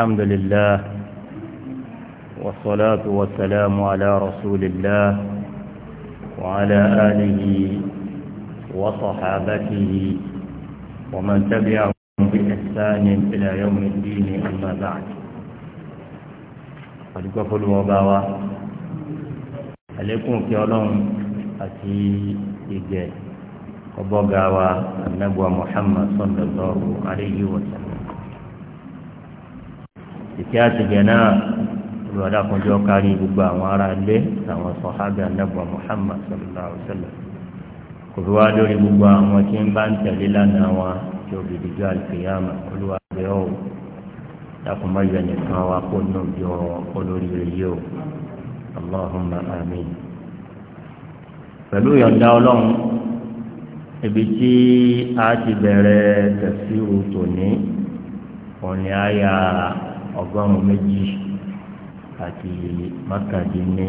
الحمد لله والصلاة والسلام على رسول الله وعلى آله وصحابته ومن تبعهم بإحسان إلى يوم الدين أما بعد فلقف الوباوة عليكم في علم أتي إجاز وبقى النبوة محمد صلى الله عليه وسلم ìkẹ́ àtìgẹ̀ náà olùwàdà kan jọ kárí gbogbo àwọn ará ilé àtàwọn sọ̀hábẹ́ anábọ̀ Muhammad sallallahu alayhi wa sallam kò fi wá lórí gbogbo àwọn tí ń bá ń tẹ̀lé lánàá wọn tí ó bìbí Allahumma amin pẹ̀lú ìyọ̀ǹda ọlọ́run ibi tí a ti bẹ̀rẹ̀ tẹ̀síwò tòní òní àyà ọgọ́rùn-ún méjì àti mọ́kàndínní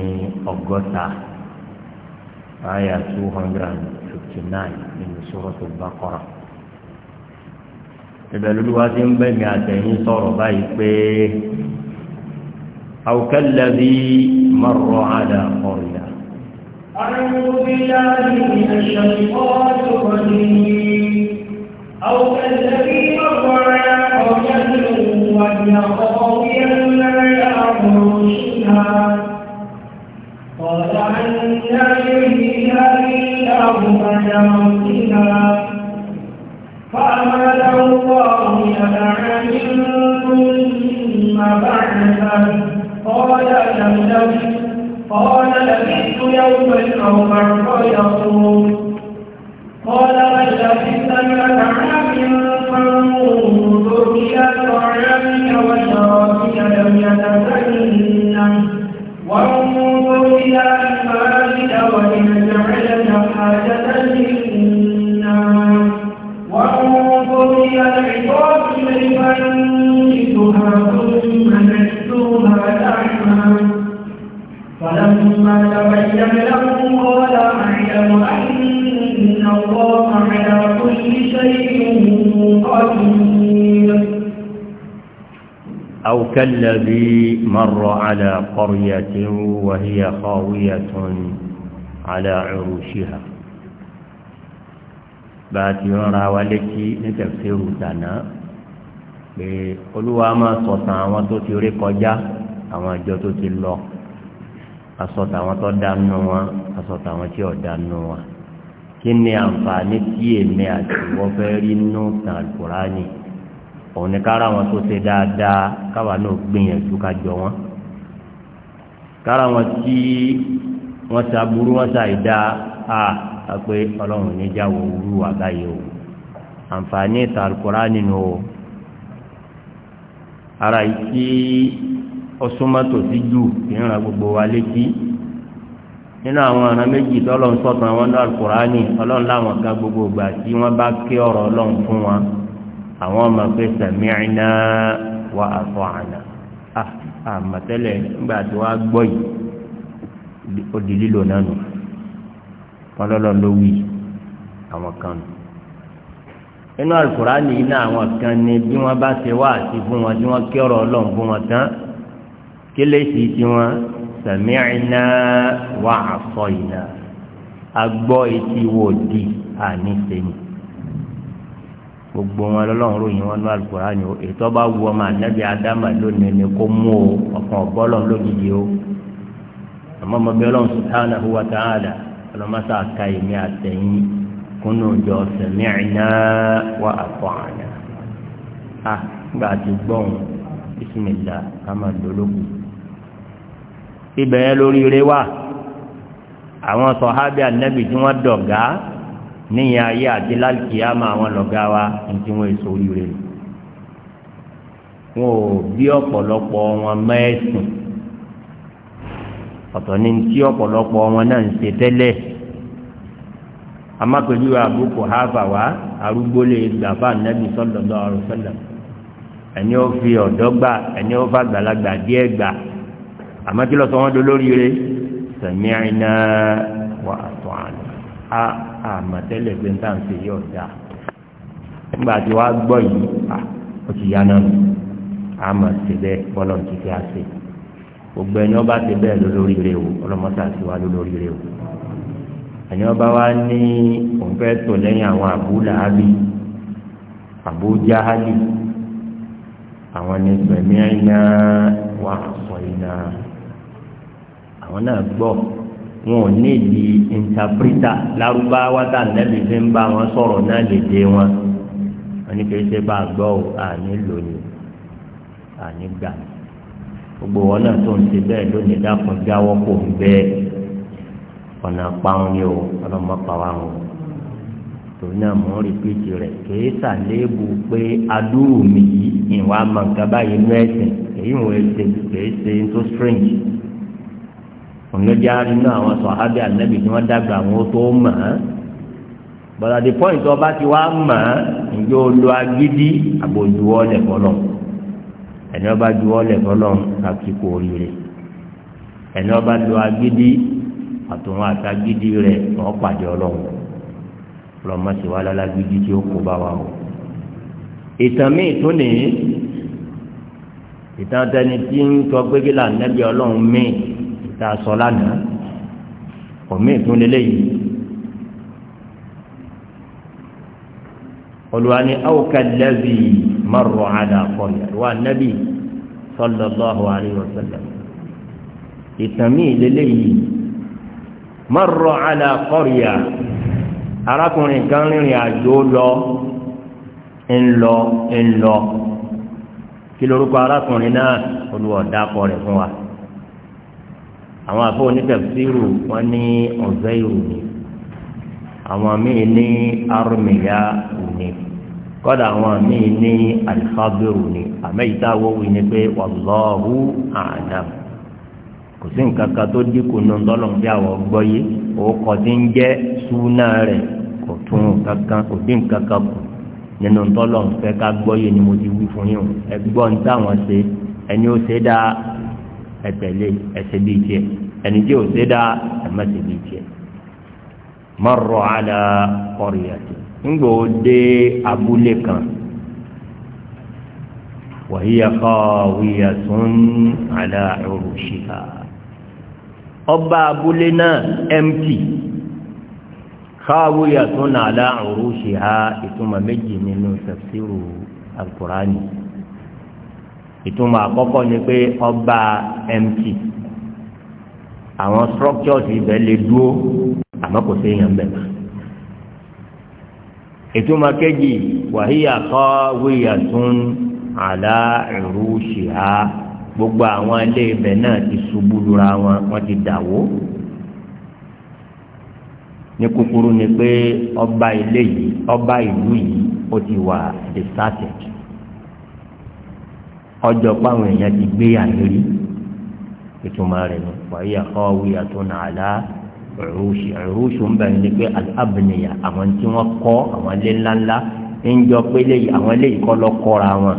ọgọ́ta àyà two hundred and fifty nine nínú Suratul Baqarah. ìbẹ̀lú ti ń bẹ̀mí àtẹ̀yìn sọ̀rọ̀ báyìí pé. أو كالذي مر على قرية أعوذ بالله من الشيطان الرجيم أو كالذي مر على قرية وليقضين لعرشها قال عنا يهدي الله فيمسها فأمل الله لبعد ثم بعثه قال لم قال لبثت يوما أو بعض يصوم قال بل لبثت عام فانظر إلى طعامك وشرابك لم يتسنه وانظر إلى أنفاسك ولنجعلك حاجة للناس وانظر إلى العظام كيف ننشدها ثم نكسوها لحما فلما تبين له وكالذي مر على قرية وهي خاوية على عروشها باتي رأى ولكي نتفسير سنة pé olúwa máa sọ̀tàn àwọn tó ti rí kọjá àwọn àjọ tó ti lọ asọ̀tàn àwọn tó dánú wọn asọ̀tàn àwọn tí ò dánú wọn kí ni àǹfààní tí èmi àti ìwọ fẹ́ rí nù tàn Kùránì. No òun ni kára wọn tó ṣe dáadáa káwa náà gbìyànjú ká jọ wọn kára wọn tí wọn wọn a pé ọlọ́run níjà wọ orú o àǹfààní ìtàkùrá nínú o ara ìtí ọsúnmọ́tò sí jù ìran gbogbo wa létí nínú àwọn ọ̀nà méjì tọ́lọ́run sọ̀tàn àwọn ọ̀nà àlùkùránì ọlọ́run láwọn gbogbo ìgbà tí wọ́n bá ké ọ̀rọ̀ ọlọ́run fún wọn àwọn ọmọ pé sami'na wa ata'na àmọ̀tẹ́lẹ̀ ah, ah, nígbà tí wàá gbọ́ yìí ó di lílo náà nù wọn lọ́lọ́ ló wí àwọn kan nù inú alukurani iná àwọn kan ní bí wọn bá ṣe wá àti fún wọn tí wọn kí Ọlọ́run fún wọn tán kílẹsì tí wọn sami'na wa ata'na agbọ́ etí wò di àníṣe ni. gbogbo wọn lọ́lọ́run ròyìn wọn ní alukurani o ètò ọba wu ọmọ anabi adama lónìí ni kò mú o ọkàn ọbọlọ lójijì o àmọ́ ọmọ bíi Ọlọ́run subhanahu ọlọmọsá ka èmi àtẹ̀yìn a gbà ti gbọ́n bisimilá kàmá lólógún yẹn lórí rẹ àwọn anabi tí ya ayé àti lálùkìyàmà àwọn lọ́gá wa ní tí wọ́n èso oríire nù. wọn ò bí ọ̀pọ̀lọpọ̀ wọn mẹ́ẹ̀sìn ọ̀tọ̀ ní tí ọ̀pọ̀lọpọ̀ wọn náà ń ṣe tẹlẹ amákòjú àbúkù háfà wá arúgbó lè gbàfà nàbì sallallahu alaihi ẹni ó fi gbà ẹni ó a àmọ̀tẹ́lẹ̀ pé ń tà ń ṣe yi, gbọ́ yìí a ó ti bẹ náà nù bẹ́ẹ̀ bọ́lọ̀ ti fi àṣẹ gbogbo ẹni ọba bẹ́ẹ̀ lólórí o ti wá lólórí rẹ o ẹni ọba wa ní òun fẹ́ lẹ́yìn àwọn Abu Lahabi àwọn ní wọn ò ní di ìntàpírítà lárúbáwá tá nẹ́bí fi ń bá wọn sọ̀rọ̀ náà lè dé wọn wọn ní kìí bá gbọ́ ọ àní àní gbà gbogbo wọn náà tó ń ṣe bẹ́ẹ̀ lónìí dákun jáwọ́ kò ń ọ̀nà ni o ọlọ́mọ pàwọn tòun náà mọ̀ rìpíìtì rẹ̀ kìí pé adúrú mi yìí ìwà ọ̀nàjà nínú àwọn sọ̀hábì ànábì tí wọ́n dàgbà àwọn tó mọ̀ ọ́ but at the point ọba ti wá mọ̀ ọ́ ǹjẹ́ o lo agídí àbò juwọ́ lẹ̀ fọlọ́ ẹni ọba juwọ́ lẹ̀ fọlọ́ àkíkò oríire ẹni ọba lo agídí àtòwọn àtagídí rẹ̀ wọ́n pàdé ọlọ́run lọ́mọ́sí wa lálágídí tí ó kó bá wa o ìtàn míì tún nìyí ìtàn tẹni tí ń sọ pé kí là ń nẹ́bí ọlọ́run míì tá a sọ lánàá òmíì tún lélẹ̀ yìí olùwàní awùkàlẹ́bì mọ̀rọ̀ àdàkọ̀lẹ̀ wà nẹ́bì sallallahu alayhi wa sallam ìtàmì ìlélẹ̀ yìí mọ̀rọ̀ àdàkọ̀lẹ̀ arákùnrin kan rìnrìn àjò lọ ńlọ ńlọ kí lorúkọ arákùnrin náà olùwọ̀dàkọ̀ fún wa àwọn àfọ onítẹ̀síìrù wọn ní ọ̀zẹ́ ìrùnì àwọn míì ní arúmìyá òní kọ́dà àwọn míì ní alifábẹ́rù ni àmẹ́yìíta wo wí ni pé wàlọ́hu àdàm kò sí nǹkan kan tó dínkù nù ńlọ́lọ́n bí àwọn gbọ́ yé òkò tí ń jẹ́ súnà rẹ̀ kò tún kankan kò dín kankan kù nínú ńlọ́lọ́n fẹ́ ká gbọ́ yé ni mo ti wí fún yín o ẹgbọ́n táwọn ṣe ẹni ó ṣe dáa ẹtẹlẹ ẹsẹ bíi tiẹ ẹni tí ò ṣe dáa ẹmọ ṣe bíi tiẹ marra ala qaryati ńgbò dé abúlé kan wa hiya qawiyatun ala urushiha ọba abúlé náà empty qawiyatun ala urushiha ìtumọ̀ méjì nínú tafsiru al ìtumọ̀ àkọ́kọ́ ni pé ọba mt àwọn structures ibẹ̀ lè dúró àmọ́ kò sí èèyàn bẹ̀rẹ̀ ìtumọ̀ kejì wàhíyà kọ́ wíyà tún àlá ẹ̀rú ṣìhá gbogbo àwọn ilé ibẹ̀ náà ti ṣubú lura wọn wọ́n ti dàwó ní kúkúrú ni pé ọba ilé yìí ọba ìlú yìí ó ti wà deserted ọjọ́ páwọn èèyàn ti gbé àyèrí ìtumọ̀ rẹ̀ ni wàyí àkọ́wé àtúnà àlá ẹ̀rúṣù ẹ̀rúṣù ń bẹ̀rẹ̀ ni pé abìnìyà àwọn tí wọ́n kọ́ àwọn ilé ńláńlá ń jọ pé àwọn ilé ìkọ́ lọ kọ́ra wọn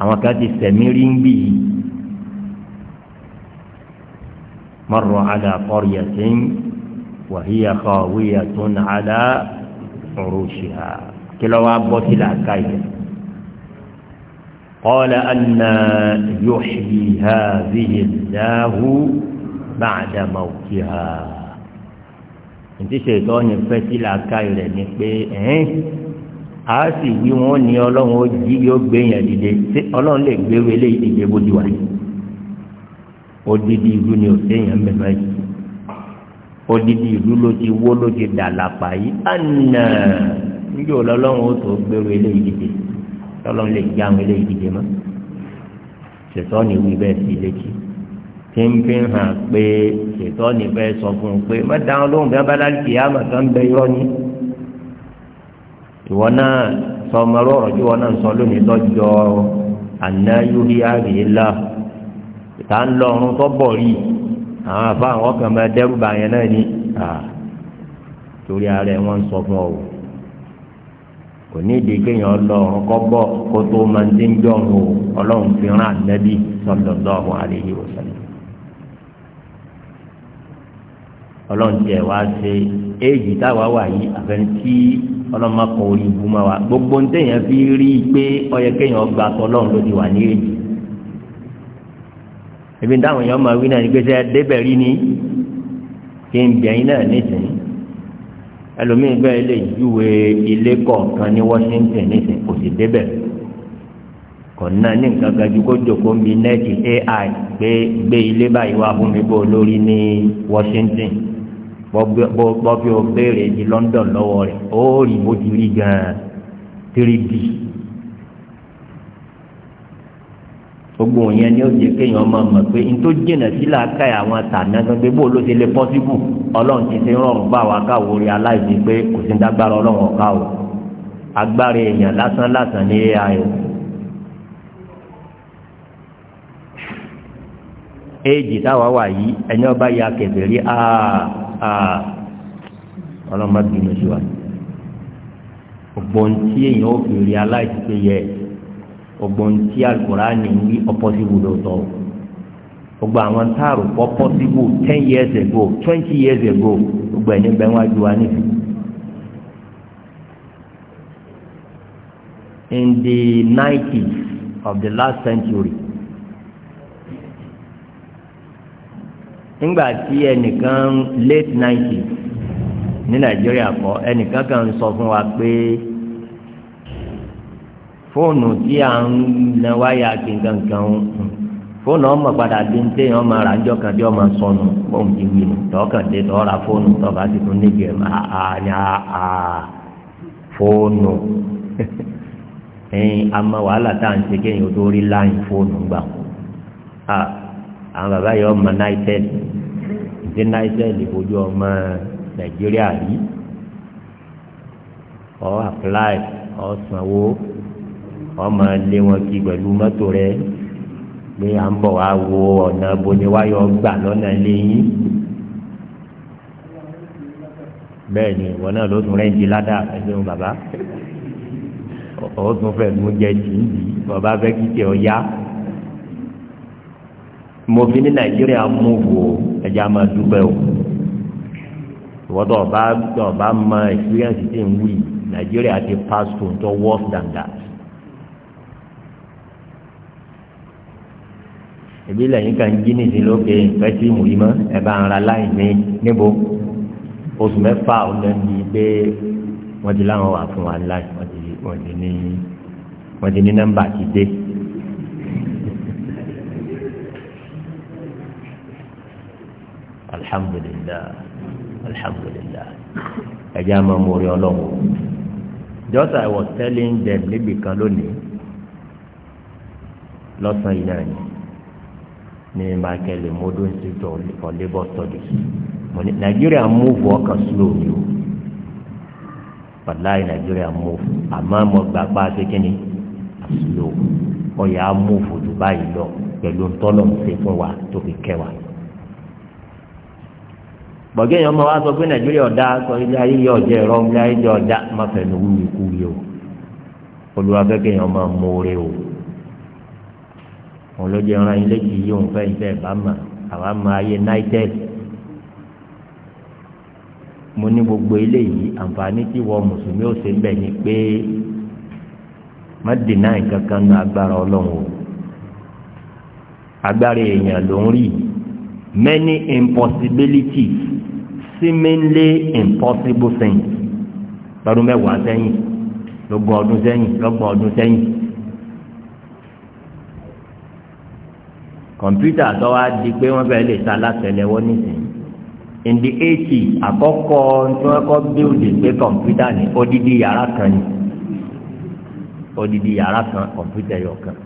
àwọn kan ti sẹ̀mí rí ń bì yìí mọ̀rọ̀ àlà kọ́rìyà sí wàyí àkọ́wé àtúnà àlá ẹ̀rúṣù kí lọ́wọ́ bọ́ sílẹ̀ àká yẹn. قال أن يحيي هذه الله بعد موتها ntí ṣètò ọ̀nì fẹ́ sí làákà rẹ̀ ni pé ẹ̀ẹ́n a sì wí wọn ní ọlọ́run ó jí yóò gbé yẹn dìde tí ọlọ́run lè gbé wọlé ìdìde bó di wà ní. odidi ìlú ni òsè yẹn mẹ́fẹ́ yìí odidi ìlú ló ti wó ló ti dà lápá yìí ànà níjọ́ ọlọ́run ó tó gbé wọlé ìdìde tọ́lọ́ lè já àwọn eléyìí dìde mọ́ ṣètọ́ ni wí bẹ́ẹ̀ sí létí tí ń fi hàn pé ṣètọ́ ni sọ fún un pé má dáhùn lóhùn bí abáláàlì kì í àmọ̀ tó ń irọ́ ni ìwọ náà sọ ọmọ ọlọ́rọ̀ tí ìwọ náà sọ lónìí lọ́jọ́ àná yórí àríyá ìta ń lọ ọrùn tó bọ̀ rí àwọn àfa àwọn kan máa dẹ́rù bàyẹn náà ni torí ara ẹ̀ wọ́n ń sọ fún ọ kò ní ìdí kéèyàn lọ́rùn kọ́ bọ́ kó tó máa ń dé ń jọ̀rùn o ọlọ́run fi rán ànábì sallallahu alaihi wasallam. ọlọ́run tiẹ̀ wá ṣe éèjì táwa wà yìí àfẹnusí ọlọ́run má kọ orí ibu má wa gbogbo ń tẹ̀yàn fi rí i pé ọyẹ kéèyàn gba tọ́lọ́run ló ti wà ní èjì. ebi táwọn èèyàn máa wí náà ní pé sẹ́ débẹ̀ rí ni kí n bẹ̀yìn náà nísìnyí ẹlòmíì bẹ́ẹ̀ lè júwe ilé kọ̀ọ̀kan ní Washington nísìn kò sì débẹ̀ kò náà ní nǹkan kan ju kó jòkó mi nẹ́ẹ̀tì AI gbé gbé ilé báyìí wá fún mi bó lórí ní Washington bọ́ bí o béèrè di London lọ́wọ́ rẹ̀ ó rí bó ti rí gan-an 3 gbogbo yẹn ni ó jẹ kéèyàn máa mọ̀ pé n tó jìnnà sílẹ̀ aká yà àwọn àtàná gbé bó ló ṣe lè pọ́sibù ọlọ́run ti ṣe rọrùn bá wa káwo rí aláìsí pé kò sí dágbára ọlọ́run ọ̀ká o agbára èèyàn lásán lásán ní ai o. éèjì táwa wà yìí ẹni ọba ya kẹfẹ rí aa aa ọlọ́run má bínú sí wa gbọ̀ntí èèyàn ó fi rí aláìsí pé yẹ ẹ̀ ogbon tí alukurani wí ọpọsibu lóòótọ́ gbogbo àwọn táàrù pọ pọsibu ten years ago twenty years ago gbogbo ẹni bẹ wá ju wa níbi. in the nineties of the last century nígbà tí ẹnìkan late nineties ní nàìjíríà kọ ẹnìkan kan sọ fún wa pé fóònù tí à ń na wáyà gígangan o fóònù ọmọ padà dé ní téèyàn máa ra ńjọ kan tí ọmọ sọnù bóun ti wí nù tọkàn dé tọ́ ra fóònù tọ́ba ti tún níbi ẹ̀ máa a ní a fóònù ẹ̀yin àmọ́ wàhálà tá à ń ṣe kéèyàn tó rí láyìn fóònù gbà á àwọn bàbá yìí ọmọ náítẹ́ẹ̀lì ìdí náítẹ́ẹ̀lì ojú ọmọ nàìjíríà yìí ọ̀ apply ọ̀ sanwó ọmọ lé wọn kí pẹ̀lú mọ́tò rẹ pé à ń bọ̀ wá wo ọ̀nà boniwáyọ̀ gbà lọ́nà léyìn bẹ́ẹ̀ ni ìwọ náà ló tún rẹ́ǹdì ládàá ẹgbẹ́rún bàbá ó tún fẹ́ mú jẹ tì í yìí bàbá fẹ́ kí tiẹ̀ ọ yá mo fi ní nàìjíríà mú wò ẹja máa dúpẹ́ o ìwọ́tọ̀ ọba ọba máa experience ti ń wí nàìjíríà ti pass through tó worse than that. ìbí lẹ́yìn kan jí nìsín lókè fẹ́sí mùyímọ́ ẹ bá ń ra láì ní níbo oṣù mẹ́fà ọ̀nà ní pé wọ́n ti láwọn wà fún wa láì wọ́n ti ní wọ́n ti ní nọ́mbà ti dé. alhamdulillah alhamdulillah ẹ jẹ́ àmọ́ mo rí ọlọ́run just I was telling them níbi kan lónìí lọ́sàn-án yìí náà ni ní michael modo institute for labour studies mo ní nàìjíríà move ọkàn slow ni o wàláì nàìjíríà move àmọ́ mo gbà pa akékeré slow ọ̀yà move jù báyìí lọ pẹ̀lú ntọ́nà ṣe fún wa tó fi kẹ́ wa. bọ̀gẹ́ yẹn ọmọ wa sọ pé nàìjíríà ọ̀dà sọ ilé ayé yẹ ọ̀jẹ̀ ẹ̀rọ ilé ayé yẹ ọ̀dà má fẹ̀nu wúwo ikú yẹ o olùwàfẹ́ kẹ́yìn ọmọ mọ́ọ́rẹ́ o òun ọ̀ràn ilé kì í òun fẹ́ ìfẹ́ bá mà àwa máa yẹ united mo ní gbogbo eléyìí àǹfààní tí wọ́n mùsùlùmí ò ṣe ń bẹ̀ ni pé má dènà ìkankan nu agbára ọlọ́run o agbára èèyàn ló ń rí many impossibilities seemingly impossible things lọ́dún mẹ́wàá sẹ́yìn lógún ọdún sẹ́yìn lọ́gbọ̀n ọdún sẹ́yìn kọ̀mpútà tó wá di pé wọ́n fẹ́ẹ́ lè ta látẹ̀lẹ́wọ́ nísìnyí in the eighty àkọ́kọ́ tí wọ́n kọ́ bíldì pé kọ̀mpútà ní odidi yàrá kan ní odidi yàrá kan kọ̀mpútà yọ̀ kan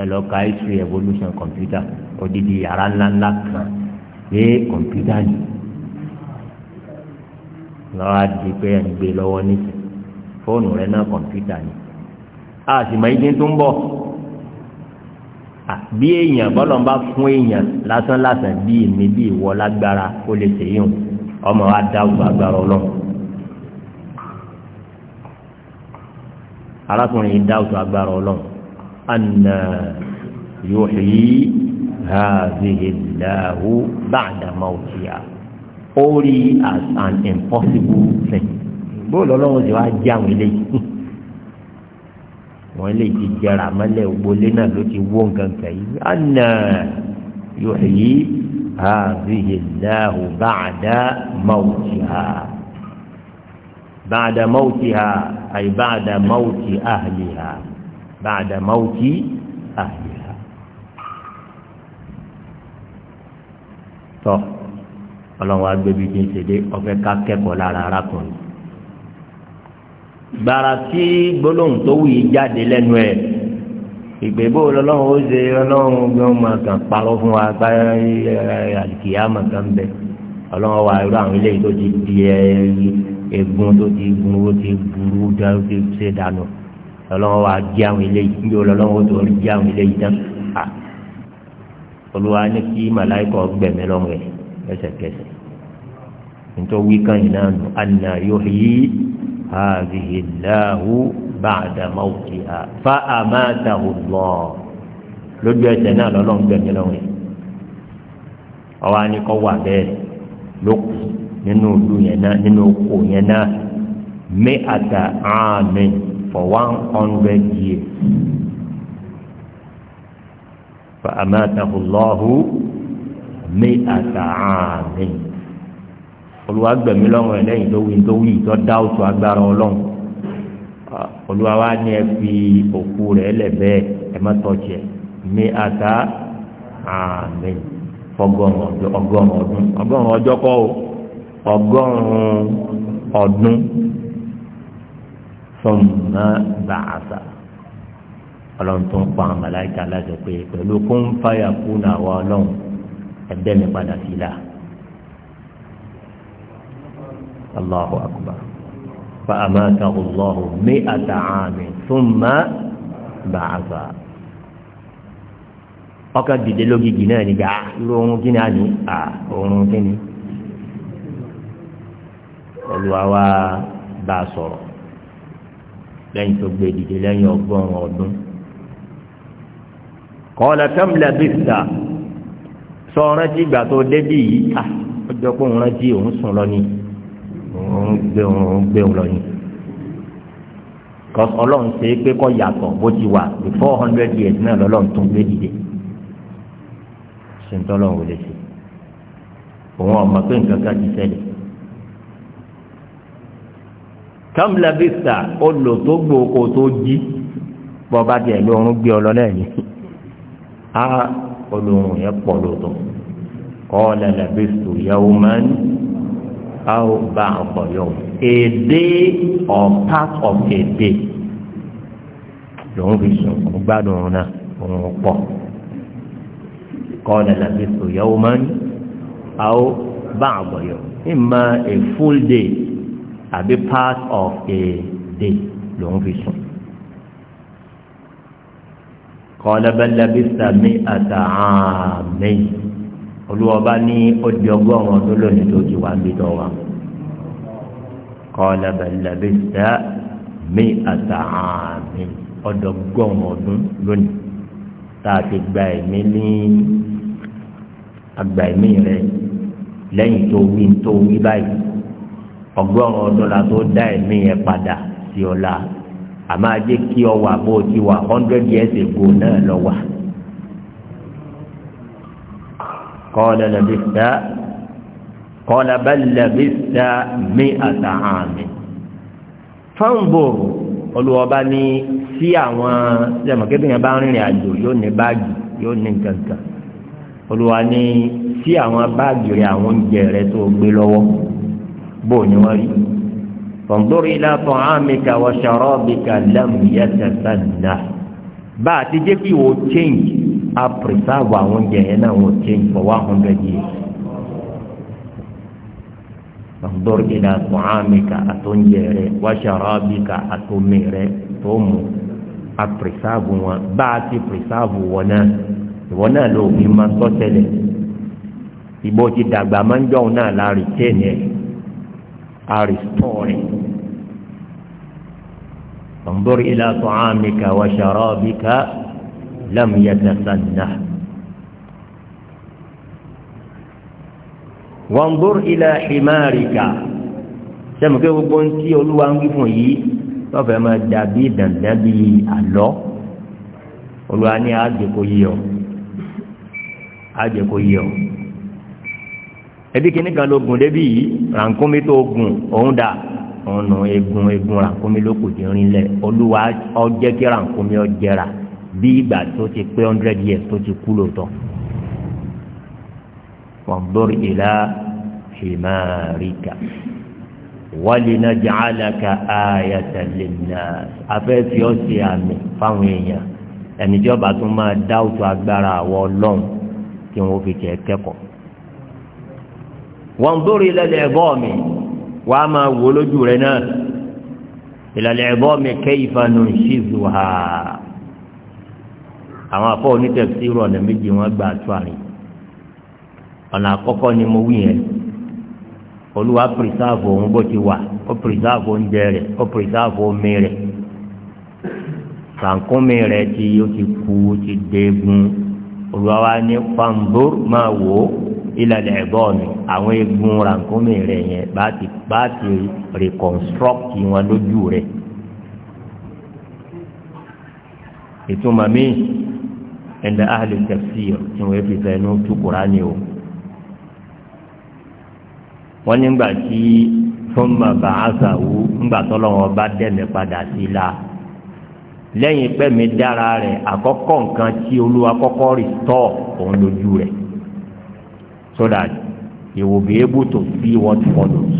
ẹ lọ evolution computer odidi yàrá ńláńlá kan pé kọ̀mpútà ní lọ́wọ́ di pé ẹ̀ ń gbé lọ́wọ́ nísìnyí fóònù rẹ náà kọ̀mpútà ní a sì mọ ibi tó ń bọ̀ bí èèyàn bọ́lọ̀ ń bá fún èèyàn lásán lásán bí èmi bí ìwọ lágbára ó lè ṣèyí o ọmọ wa dá ogun agbára ọlọ́run arákùnrin yìí dá ogun agbára ọlọ́run anna yuhyi hadhihi Allahu ba'da mawtiha ó rí as an impossible thing bó lọ́lọ́run ti wá jẹ́ àwọn wọn lè ti jẹrà mọ́lẹ̀ gbolé náà ló ti wó nǹkan kan yìí ànà yóò yí àbíyè láhùn báàdá máwùtì ha báàdá máwùtì ha àyè báàdá máwùtì àhàlì ha báàdá máwùtì àhàlì ha. tọ́ ọlọ́run agbẹ́bí ti ń ṣe dé ọ̀fẹ́ ká kẹ́kọ̀ọ́ lára arákùnrin gbàrà tí gbólóhùn tó wù yí jáde lẹ́nu ẹ̀ ìgbè bó lọ́lọ́run ó ṣe ọlọ́run gbé wọn máa kàn parọ́ fún wa gba àlìkìyà máa kàn bẹ ọlọ́run wa irú àwọn eléyìí tó ti di egun tó ti gun ó ti burú dá ó ti ṣe dànù ọlọ́run wa jẹ́ àwọn eléyìí níbi ọlọ́run ó tó jẹ́ àwọn eléyìí tán à olúwa ní kí màláìkọ gbẹ̀mí lọ́mọ ẹ̀ lẹ́sẹ̀kẹsẹ̀ nítorí wíkàn yìí náà nù àná yóò yí. هذه الله بعد موتها فأماته الله lójú ẹsẹ̀ náà lọ́lọ́run gbẹ̀mí lọ́wọ́ yẹn ọwọ́ á ní kọ́ wà bẹ́ẹ̀ ló kù nínú ìlú yẹn náà nínú oko yẹn náà mé àtà àmì for one hundred years فأماته الله مئة عام olùwàgbẹ̀mí lọ́rùn ẹ̀ lẹ́yìn tó wí tó wí tó dá òtù agbára ọlọ́run olùwà wa ni ẹ fi òkú rẹ̀ lẹ̀ bẹ́ẹ̀ ẹ má tọ́jẹ̀ ní ata àmín fọgọ́rùn ọjọ́ ọgọ́rùn ọdún ọgọ́rùn ọjọ́ kọ́ o ọgọ́rùn ọdún sọmọ bàásà ọlọ́run tó ń pa àwọn màláìka láti pé pẹ̀lú kó ń fàyà kú náà wọ ọlọ́run ẹ̀dẹ́ mi padà sí i la. Allahu akbar fa amatahu Allahu mi'ata 'amin thumma ba'atha ọkà dìde lógìgì náà nígbà ah, irú ohun kí ni a ní à ah, ohun kí ni olùwàwà bá a sọ̀rọ̀ lẹ́yìn tó gbé dìde lẹ́yìn ọgọ́rùn ọdún kọ́lá tẹ́mìlẹ̀ bíṣà sọ rántí ìgbà tó débì yìí ọjọ́ ah, pé òun rántí òun sùn lọ ni ń gbé òun ń gbé òun lọ yìí ọlọ́run ṣe é pé kọ́ yàtọ̀ bó ti wà ní four hundred years náà lọ́lọ́run tún gbé dìde ṣe ń tọ́lọ́run ò lè ṣe òun ọmọ pé nǹkan kan ti ṣẹlẹ̀ kam labista ó lò tó gbòòkò tó jí bọ́ba tiẹ̀ ló ń gbé ọ lọ lẹ́yìn á olóhùn yẹn pọ̀ lóòótọ́ kọ́ ọ́ lẹ́lẹ́bí sùn yẹ́wò how bad for you a day or part of a day lòun fi sùn òun gbádùn òun náà òun pọ̀ kọ́ọ̀dà làbí sùn yẹ́wò máa ń how bad for you ìmọ̀ a full day àbí part of a day lòun fi sùn. قال بل لبثت مئة عامين olùwọ́ba ní odi ọgọ́rùn-ún ọdún lónìí tó ti wà ń bí tọ́ wa kọ́lá bàlàbí sá mi àtàmì ọdọgọ́rùn-ún ọdún lónìí tá a ti gba ẹ̀mí ní àgbà ẹ̀mí rẹ lẹ́yìn tó wí tó wí báyìí ọgọ́rùn-ún ọdún la tó dá ẹ̀mí yẹn padà sí ọ̀la àmọ́ ajé kí ọ wà bó ti wà hundred years ago náà lọ wà. قال لبثت قال بل لبثت مئة عام فانظر olùwọ́ba ní sí àwọn ṣẹ́mọ̀kébìyàn bá rìnrìn àjò yóò ní báàgì yóò ní nǹkankan olùwà ní sí àwọn báàgì rẹ àwọn oúnjẹ rẹ tó gbé lọ́wọ́ bó ni wọ́n rí. فانظر إلى طعامك وشرابك لم يتسنه bá a ti jẹ́ kí wò change a pèsèvò àwọn oúnjẹ yẹn náà wọ́n change for one hundred years. Nàdúr ìlà tùhámìkà àtúnjẹ rẹ̀ wáṣàrábìkà àtúnmì rẹ̀ tó mú a pèsèvò wọn bá a ti pèsèvò wọn náà ìwọ náà ló fi máa sọ́tẹ̀lẹ̀ ìbò ti dàgbà máa ń jọ̀hún náà la retain ẹ̀ a restore rẹ̀. Nàdúr ìlà tùhámìkà wáṣàrábìkà. لم يتسنه وانظر إلى حمارك sẹ́mi pé gbogbo ń tí olúwa ń wí fún yìí lọ́fẹ̀ẹ́ máa dàbí dandan bí àlọ́ olúwa ní àjẹkọ yìí ọ kan ló gùn débi yìí rànkúnmí tó gùn òun egun egun rànkúnmí ló kù rin lẹ olúwa ọjẹ kí rànkúnmí ọjẹra bí ìgbà tó ti pé hundred years tó ti kú lóòótọ́ wàndóri ìlà himarika wàlínà jàálàkà àyàtàlẹ́nà afẹ́fì ọ̀sẹ̀ àmì fáwọn èèyàn ẹnìjọba tó máa dáwùtò agbára àwọn ọlọ́run kí wọ́n fi kẹ́ kẹ́kọ̀ọ́ wàndóri ìlàlẹ̀ ẹ̀bọ́ mi wàá máa wò lójú rẹ̀ náà ìlàlẹ̀ ẹ̀bọ́ mi kayfa nunshizuha àwọn afọ onítẹ̀sí rọ̀ ọ̀nà méjì wọn gbà tó àrìn ọ̀nà àkọ́kọ́ ni mo wí yẹn olúwa pírísàvù òun bó ti wà ó pírísàvù oúnjẹ rẹ̀ ó pírísàvù omi rẹ̀ sànkúnmi rẹ̀ ti ó ti kú ó ti dégun olúwa wa ní pàmbó máa wò ó ìlànà ẹ̀gbọ́ mi àwọn egun rànkúnmi rẹ̀ yẹn bá ti bá ti reconstruct wọn lójú rẹ̀ ìtumọ̀ mi ẹ̀ndà ahli tafsir tí wọ́n fi fẹ́ẹ́ ní tú kúránì o. wọ́n nígbà tí thumma ba'athahu ńgbà tọ́lọ́wọ́n bá dẹ̀mẹ̀ padà sí la lẹ́yìn pẹ́mi dára rẹ̀ àkọ́kọ́ nǹkan tí olúwa kọ́kọ́ rì tọ́ òun lójú rẹ̀ so that he will be able to see what follows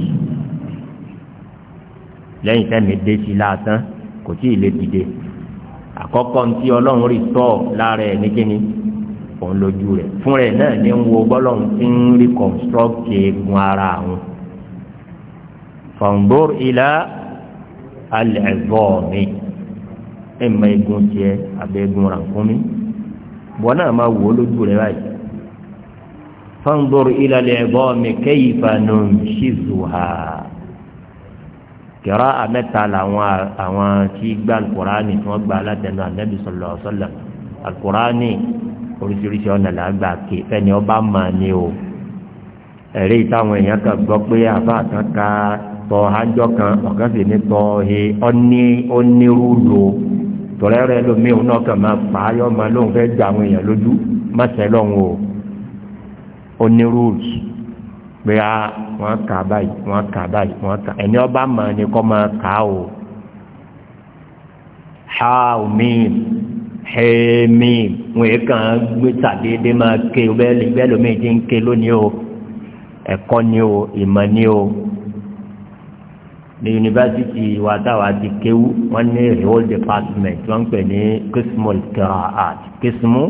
lẹ́yìn pẹ́mi dé sí la tán kò tí ì lè dìde àkọ́kọ́ ntí ọlọ́run rí tọ́ lára ẹ̀ nígbẹ́ni òun lójú rẹ̀ fún rẹ̀ náà ní ń wo bọ́lọ́run ti ń reconstruct eegun ara àwọn. fọ̀nbór ilá alẹ́ ẹ̀gbọ́ mi ẹ̀ mọ eegun tiẹ̀ àbẹ́ eegun rànkúnmi wọn náà máa wò ó lójú rẹ̀ báyìí. fọ̀nbór ilá alẹ́ ẹ̀gbọ́ mi kẹ́yìí fa nù ṣì zùhàá kẹrọ amẹta làwọn àwọn tí gba alukurani tí wọn gba alátẹnu anabi sọlọ sọlọ alukurani oríṣiríṣi ọ̀nà là ń gbà ké ẹni ọba máa ní o ẹ̀rí táwọn èèyàn kan gbọ́ pé àbá kan ka tọ́ ájọ́ kan ọ̀kan sì ní tọ́ he ọ́ní ọ́nírú lo tọ́lẹ́ rẹ lómi òun náà kàn máa fà á yọ ọmọ lóun fẹ́ gba àwọn èèyàn lójú má tẹ́ lọ́hùn o ọ́nírú lo pé a wọ́n kà báyìí wọ́n kà báyìí wọ́n kà ẹni ọba mọ̀ ni kọ́ máa kà ó ha omiin hẹ́ẹ̀mìn wọ́n yìí kàn án gbé tàdéédé máa ké o bẹ́ẹ̀ lómi ti ń ké lónìí o ẹ̀kọ́ ni o ìmọ̀ ni o ní yunifásitì wa táwa ti kéwú wọ́n ní rewol department wọ́n pè ní kismu kiraat kismu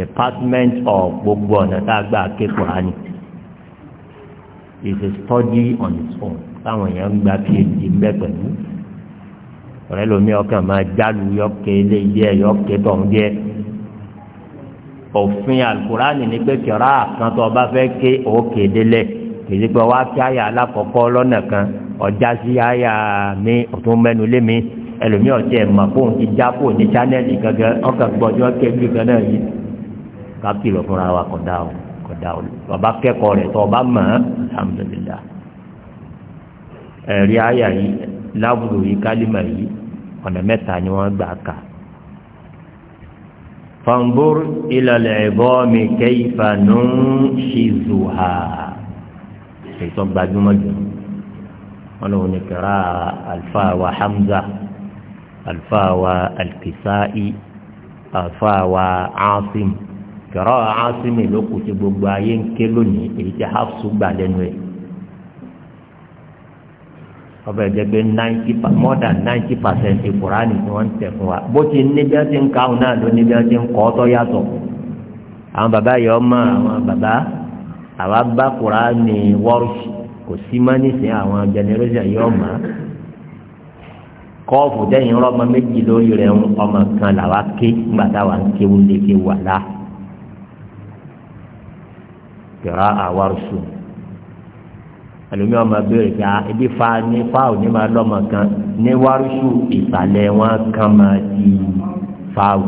department of gbogbo ọ̀nà tá a gbà ké kùránì is a study on its own táwọn èèyàn ń gba phd ń bẹ pẹ̀lú ọ̀rẹ́ lomi ọkàn máa jálu yọkẹ́ ilé yẹ yọkẹ́ tó ń jẹ òfin alukurani ni pé kíra kan tó bá fẹ́ ké òkè délẹ̀ kìí pé wá kí àyà alákọ̀ọ́kọ́ lọ́nà kan ọjà sí àyà mi ọ̀tún mẹ́nu lé mi ẹlòmí ọ̀tí ẹ̀ mà fóun ti já fóun ní chanẹ́ẹ̀lì gangan ọkàn gbọ́dọ̀ kébìlì kan náà yìí ká fúnra wa kọ̀dá o ọ̀dà ọba kẹ́kọ̀ọ́ rẹ̀ tó ọba mọ̀ ọ́n alhamdulillah ẹ̀rí àyà yìí láwùrọ̀ yìí kálímà yìí ọ̀nà mẹ́ta ni wọ́n gbà kà fanbur ilẹ̀ ìbọ́mi kẹ́yìfà nù ṣìzùhà ètò gbajúmọ̀ jù wọn lòun ní kẹrà alfawa hamza alfawa alkisai alfawa asim. Al kẹrọ asimi ló kù tí gbogbo ayé ń ké lónìí èyí tí hafsu gbà lẹ́nu ẹ̀ ọbẹ̀ jẹ́ pé ninety more than ninety percent ìkùránì ni wọ́n ń tẹ̀ fún wa bó ti níbi ẹtí ń káwọn náà ló níbi ẹtí ń kọ́ ọ́tọ́ yàtọ̀ àwọn bàbá yìí ọmọ àwọn bàbá àwa bá kùránì wọ́ọ̀ṣì kò sí má nísìnyí àwọn generation yìí ọmọ kọ́ọ̀fù dẹ́yìn rọ́ọ̀mọ méjì lórí rẹ̀ ọmọ kan làwa ké ńgbàdá wa ń kéwu lé kéwu àlá kẹrà àwárùsù ẹlòmíì ọmọ abẹ́rẹ́ ah, ká ibi fa ní fa òní máa lọ́mọ kan ní wárùsù ìsàlẹ̀ wọn kan máa di fáwù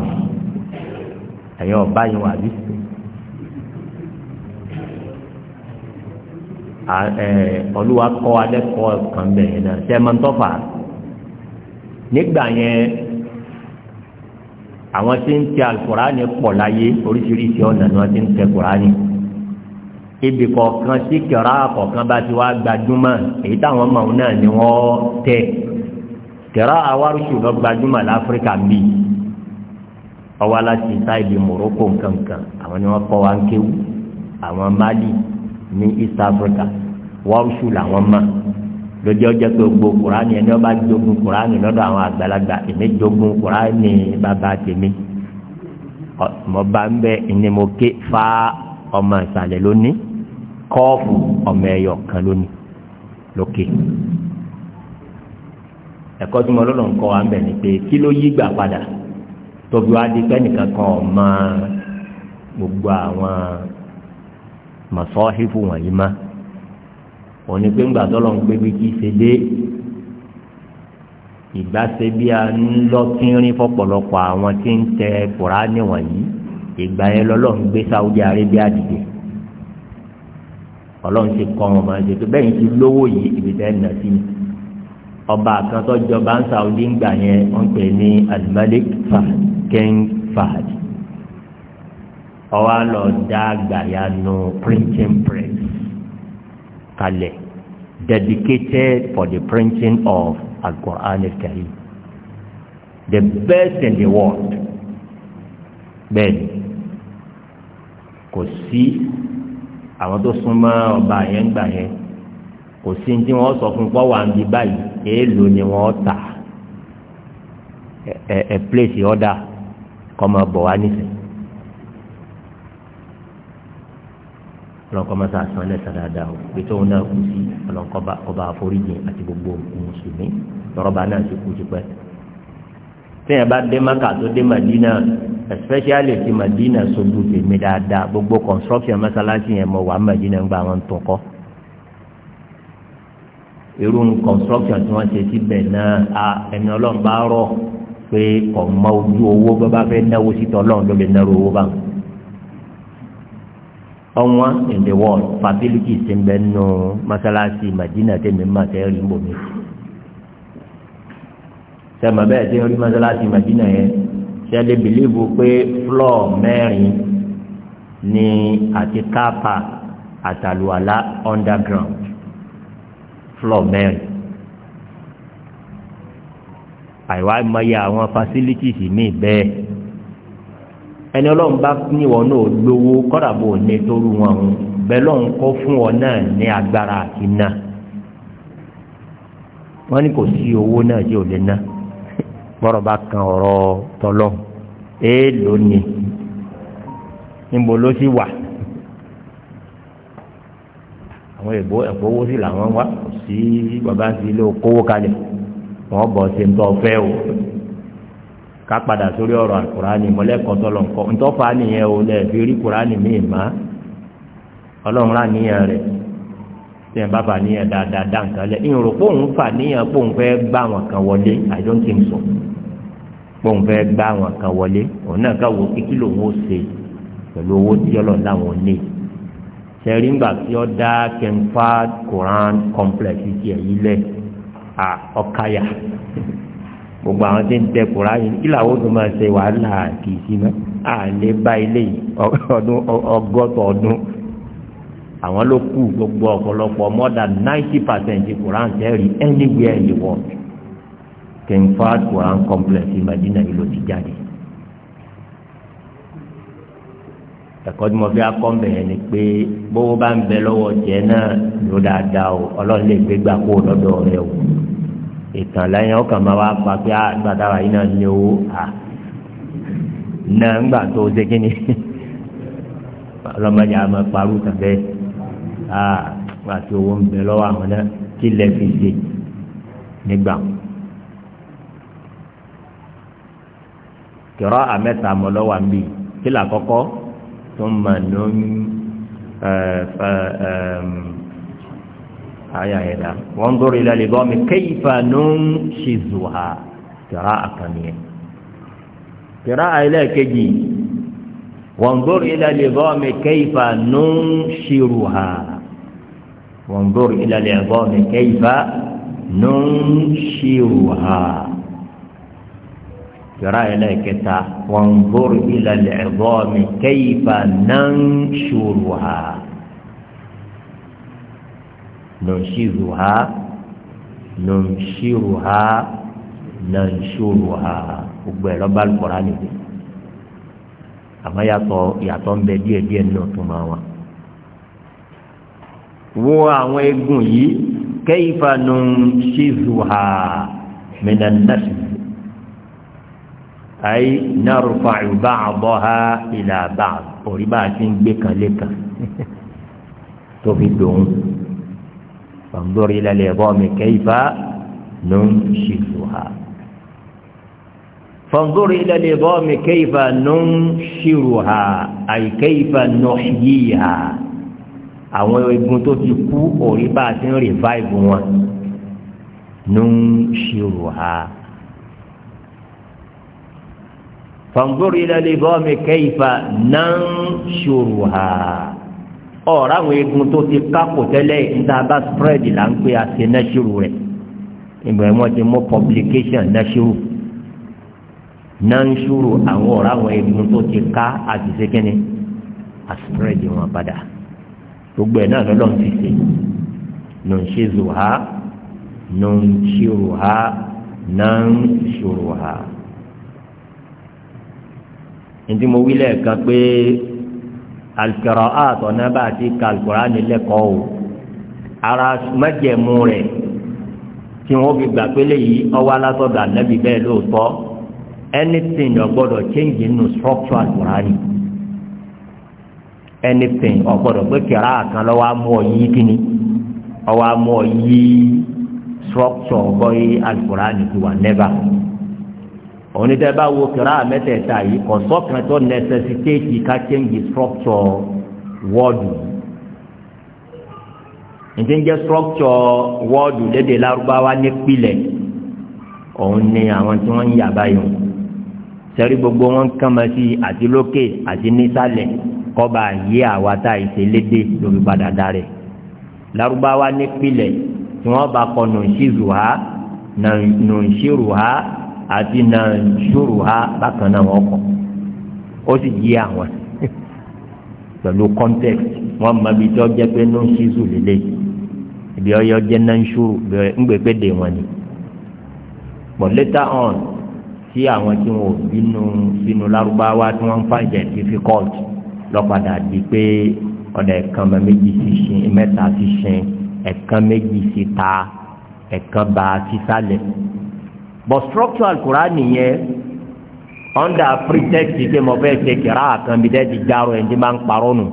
ẹ̀yọ́ báyìí wà bí. olúwa kọ́ alẹ́kọ̀ọ́ kan bẹ̀rẹ̀ náà sẹ́mọ̀ntọ́fà nígbà yẹn àwọn tí ń tẹ alukóraní pọ̀ láyé oríṣiríṣi ọ̀nà ni wọ́n ti ń tẹ kóraní ibi kọ̀ọ̀kan sí kẹ̀rọ àkọ̀kan bá ti wá gbajúmọ̀ èyí táwọn ọmọ náà ni wọ́n tẹ̀ kẹ̀rọ àwárùsù lọ gbajúmọ̀ láfíríkà bíi ọwọ́ láti sáìdì Morocco nkankan àwọn ni wọ́n kọ́ wa ń kéwú àwọn Mali ní East Africa wárùsù làwọn mọ̀ lójú ọjọ́ pé gbogbo kùránì ẹni ọba jogun kùránì lọ́dọ̀ àwọn àgbàlagbà èmi jogun kùránì bàbá tèmi mo bá ń bẹ ẹni mo ké fa ọmọ ìsàlẹ̀ lónìí kọ́ọ̀fù ọmọ ẹ̀yọ kan lónìí lókè ẹ̀kọ́ tí mo lọ́nà ń kọ́ wa ń bẹ̀ ni pé kí ló yí gbà padà tóbi wá di pẹ́nìkan kan ọ̀ma gbogbo àwọn màsọ́hífù wọ̀nyí má òun ni pé ńgbà tọ́lọ́ ń gbé bí kí ṣe dé ìgbàsẹ̀ bí a ń lọ tínrín fọ́pọ̀lọpọ̀ àwọn tí ń tẹ kùránì wọ̀nyí ìgbà yẹn lọ́lọ́ ń gbé Saudi Arabia dìde ọlọ́run ti kọ́ wọn máa ń ṣe pé ti lówó yìí ibi tẹ́ ẹ̀ nà sí ni ọba kan jọba ń Saudi ń gbà yẹn ń pè ní Al-Malik Fahd King ọwọ́ lọ dá gbàyànú printing press kalẹ̀ dedicated for the printing of Al-Quran al the best in the world bẹ́ẹ̀ kò sí àwọn tó súnmọ́ ọba yẹn gbà yẹn kò sí ní tí wọ́n sọ fún pọ́ wà ń bí báyìí èèlò ni wọ́n tà ẹ ẹ pléèsì ọ̀dà kọ́ máa bọ̀ wá nísìnyí. ọlọ́nkọ́ mọ́tà sàn lẹ́sà dáadáa o pé tóun náà kú sí ọlọ́nkọ́ ọba àforíjì àti gbogbo mùsùlùmí lọ́rọ́ba náà ti kú ti pẹ́ téèyàn bá dé maka tó dé madina especially ti madina sojú tèmi dáadáa gbogbo construction masalasi yẹn mọ wà madina gba àwọn tó kọ irú construction tí wọn ṣe síbẹ̀ náà a ẹni ọlọ́run bá rọ̀ pé ọmọ ojú owó bá bá fẹ́ náwó síta ọlọ́run ló lè náwó owó bá ọwọn in the world facilities ti ń bẹ nù masalasi madina tèmi mà tẹ́ rí bòmí sẹ́mi bẹ́ẹ̀ tí orí mọ́sálásí Madina yẹn ṣẹlẹ̀ bìlíìfù pé flọ́ọ̀ mẹ́rin ní àti kápá àtàlùwàlá underground flọ́ọ̀ mẹ́rin. àìwá mọ̀yà àwọn facilities míì bẹ́ẹ̀ ẹni ọlọ́run bá níwọ̀n náà lówó kọ́dà bò ní torú wọn ọ̀hún bẹ́ẹ̀ lọ́run kọ́ fún ọ náà ní agbára àti náà wọ́n ní kò sí owó náà tí ò lè náà. bọ́rọ̀ bá kan ọ̀rọ̀ tọ́lọ́ èèlò ni níbo ló sì wà àwọn èbó ẹ̀kọ́ owó sì làwọn wá kò sí bàbá sí ilé okòwò kalẹ̀ wọ́n bọ̀ ṣe ń tọ́ fẹ́ o ká padà sórí ọ̀rọ̀ àkùránì mọ́lẹ́kọ̀ọ́ tọ́lọ̀ nǹkan nìyẹn o lẹ́ẹ̀fi rí kùránì míì má ọlọ́run rà níyẹn tí ẹ bá fà níyàn dáadáa dá nǹkan lẹ ìrò pòun fà níyàn pòun fẹ́ gbá àwọn kan wọlé I don't think so pòun fẹ́ gbá àwọn kan wọlé òun náà ká wo kíkí lòun ó ṣe pẹ̀lú owó tí ọlọ́run láwọn ní sẹ́rí ńgbà tí ó dá kẹ́ńfà Quran complex ti ẹ̀ yìí à ọ̀káyà gbogbo àwọn tí ń tẹ Quran yìí kí làwọn tó máa ṣe wàhálà kì í sí mọ́ àlè bá ilé yìí ọgọ́tọ̀ ọdún àwọn ló kú gbogbo ọ̀pọ̀lọpọ̀ more than ninety percent Quran tẹ́rì anywhere in the world King Fahd Quran complex Madina yìí ló ti jáde. ẹ̀kọ́ tí mo fi akọ́mbẹ̀ yẹn ni pé bówó bá ń bẹ lọ́wọ́ jẹ́ náà ló dáadáa o ọlọ́run lè gbé gbà kó lọ́dọ̀ rẹ o ìtàn lẹ́yìn ọkàn máa wá pa pé àgbàdàrà ah, yìí náà ní owó à náà ń gbà tó ṣe kí ni ọlọ́mọdé àmọ́ parú tàbẹ́ aa àti owó ń bẹ lọ́wọ́ àwọn náà kí lè fi ṣe nígbà kẹrọ àmẹta mọlọwà ń bì kí là kọ́kọ́ tó ń mọ lóyún ẹ ẹ ẹ àyà ẹ̀dá wọ́n ń dórí lálẹ́ bọ́ mi kayfa nunshizuha kẹrọ àkànìyàn kẹrọ àìlẹ́ kejì wọ́n ń dórí lálẹ́ bọ́ mi kayfa nunshiruha wanzur ila al-'idhami kayfa nunshiruha yọrọ ẹlẹ́kẹta wanzur ila al-'idhami kayfa nanshuruha nunshiruha nunshiruha nanshuruha gbogbo ẹ̀rọ bá lùkọ́ra nìyí àmọ́ yàtọ̀ yàtọ̀ ń bẹ díẹ̀ díẹ̀ nínú tó máa wà wo àwọn eegun yìí kẹ́yìfà nù ṣìzùhà mìnàdásì ayi narufa ìbá àbọ̀há ìlà bá orí bá a ti ń gbé kan lẹ́kan tó fi dòun fanzur ila al-idami kayfa nunshizuha fanzur ila al-idami kayfa nunshiruha ay kayfa nuhyiha àwọn egun tó ti kú òrí bá a ti ń revive wọn ló ń ṣirò ha. fàǹgórí lẹ́lẹ́ bọ́ọ̀mì kẹ́yìfà náà ń ṣirò ha. ọ̀rọ̀ àwọn egun tó ti kákò tẹ́lẹ̀ níta bá spread là ń pè àti nẹ́ṣirò rẹ̀ ìgbà wọn ti mú publication nẹ́ṣirò náà ń ṣirò àwọn ọ̀rọ̀ àwọn egun tó ti ká àti ṣe kínní a spread wọn padà gbogbo ẹ̀ náà lọ́lọ́ ti ṣe nùnṣezuha nùnṣiruha nùnṣiruha. ntí mo wí lẹ́ẹ̀kan pé alikọrọ àtọ̀ náà bá ti ka Al-Kùránì lẹ́kọ̀ọ́ o ara mẹ́jẹ̀mú rẹ̀ tí wọ́n fi gbà pé léyìí ọwọ́ alásọ̀dọ̀ ànábì bẹ́ẹ̀ lóòótọ́ anything ọgbọ́dọ̀ change nínú structure Al-Kùránì anything ọ̀gbọ́dọ̀ pé kẹ̀rá kan lọ́wọ́ amú ọ yí kíni ọwọ́ amú ọ yí structure bọ́yì alukurani ti wà nẹ́bà òun ni dẹ́gbà wo kẹ̀rá mẹ́tẹ̀ẹ̀ta yìí kò sọ́kàn tó necessitate ká change structure wọ́ọ̀dù ǹjẹ́ ń jẹ́ structure wọ́ọ̀dù lédè lárúbáwá nípìlẹ̀ òun ni àwọn tí wọ́n ń yà báyìí sẹ́rí gbogbo wọn kàn máa sí àti lókè àti nísàlẹ̀ kọ́ba yé àwa tá a ṣe léde lórí padà dárẹ̀ Lárúbáwá nípìlẹ̀ tí wọ́n bá kọ nùnsírùhá nùnsírùhá àti nùnsírùhá bákan náà wọ́n kọ́ ó sì yé àwọn pẹ̀lú context wọ́n mọ ibi tí wọ́n jẹ́ pé nùnsírù lélẹ̀ ibi ọyọ jẹ́ nùnsírù ń gbé dè wọ́n ni but later on tí àwọn tí wọn ò bínú sínú Lárúbáwá tí wọ́n ń fa ìjà ìdífi lọ́padà di pé ọ̀dà ẹ̀kan méjì sí sin mẹ́ta sí sin ẹ̀kan méjì sí ta ẹ̀kan bá sísàlẹ̀ but structural Quran nìyẹn under pretext pé mo fẹ́ ṣe kìrá àkàn bí dẹ́ẹ̀dì járó ẹ̀ ní máa ń parọ́ nù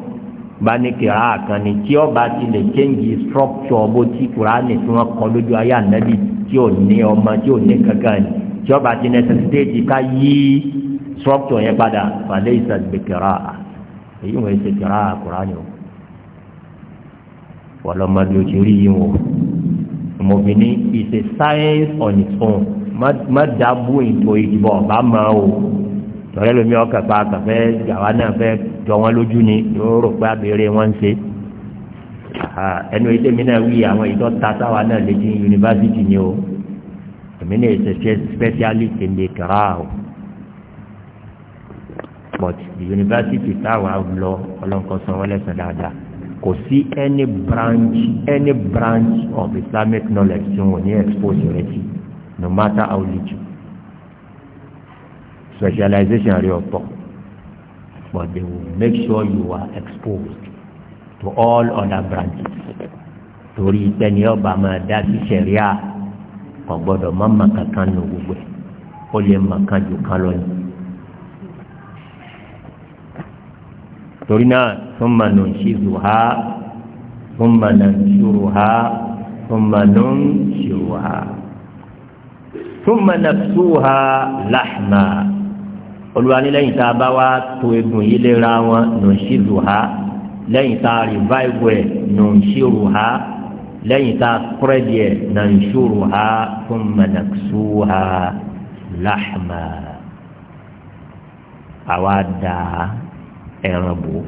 bá ní kìrá àkàn ni tí ọba ti lè change structure bó ti Quran tí wọ́n kọ́ lójú ayé ànábì tí ò ní ọmọ tí ò ní kankan ni tí ọba ti necessitate ká yí structure yẹn padà fàlẹ́ ìsàgbẹ̀kẹ̀rá à èyí wọ́n ṣe tẹ̀ra àkùránì o wọ́n lọ máa di ojú rí yìí wọ́n ọmọbìnrin is a science on its own má dábò ètò ìdìbò ọ̀bá máa o tọ́lẹ́ lomi ọkà pa àkàfẹ́ gàwa náà fẹ́ jọ wọn lójú ni yóò rò pé abẹ́rẹ́ wọn ń ṣe ẹnu ètò mi náà wí àwọn ìtọ́ ta táwa náà lè di yunifásitì ni o èmi náà ṣe specialist in the kara o but the university táwa lọ ọlọ́nkọ́ san wọ́n lẹ́sàn dáadáa kò sí any branch any branch of islamic knowledge tí wọn ò ní expose rẹ sí no matter how little specialization rẹ ọ̀pọ̀ but they will make sure you are exposed to all other branches torí ìtẹ́ni ọba máa dá sí sẹ̀ríà ọ̀gbọ́dọ̀ mọ́mọ́ kankan nù gbogbo ẹ̀ ó lè mọ̀ jù kan lọ torí náà thumma nunshizuha thumma nanshuruha thumma nunshiruha thumma nafsuha lahma olùwànilẹ́yìn tá a bá wá to egun yìí lera wọn nunshizuha lẹ́yìn tá a revive ẹ̀ nunshiruha lẹ́yìn tá a spread ẹ̀ nanshuruha thumma naksuha lahma àwa dáa ẹran bò ó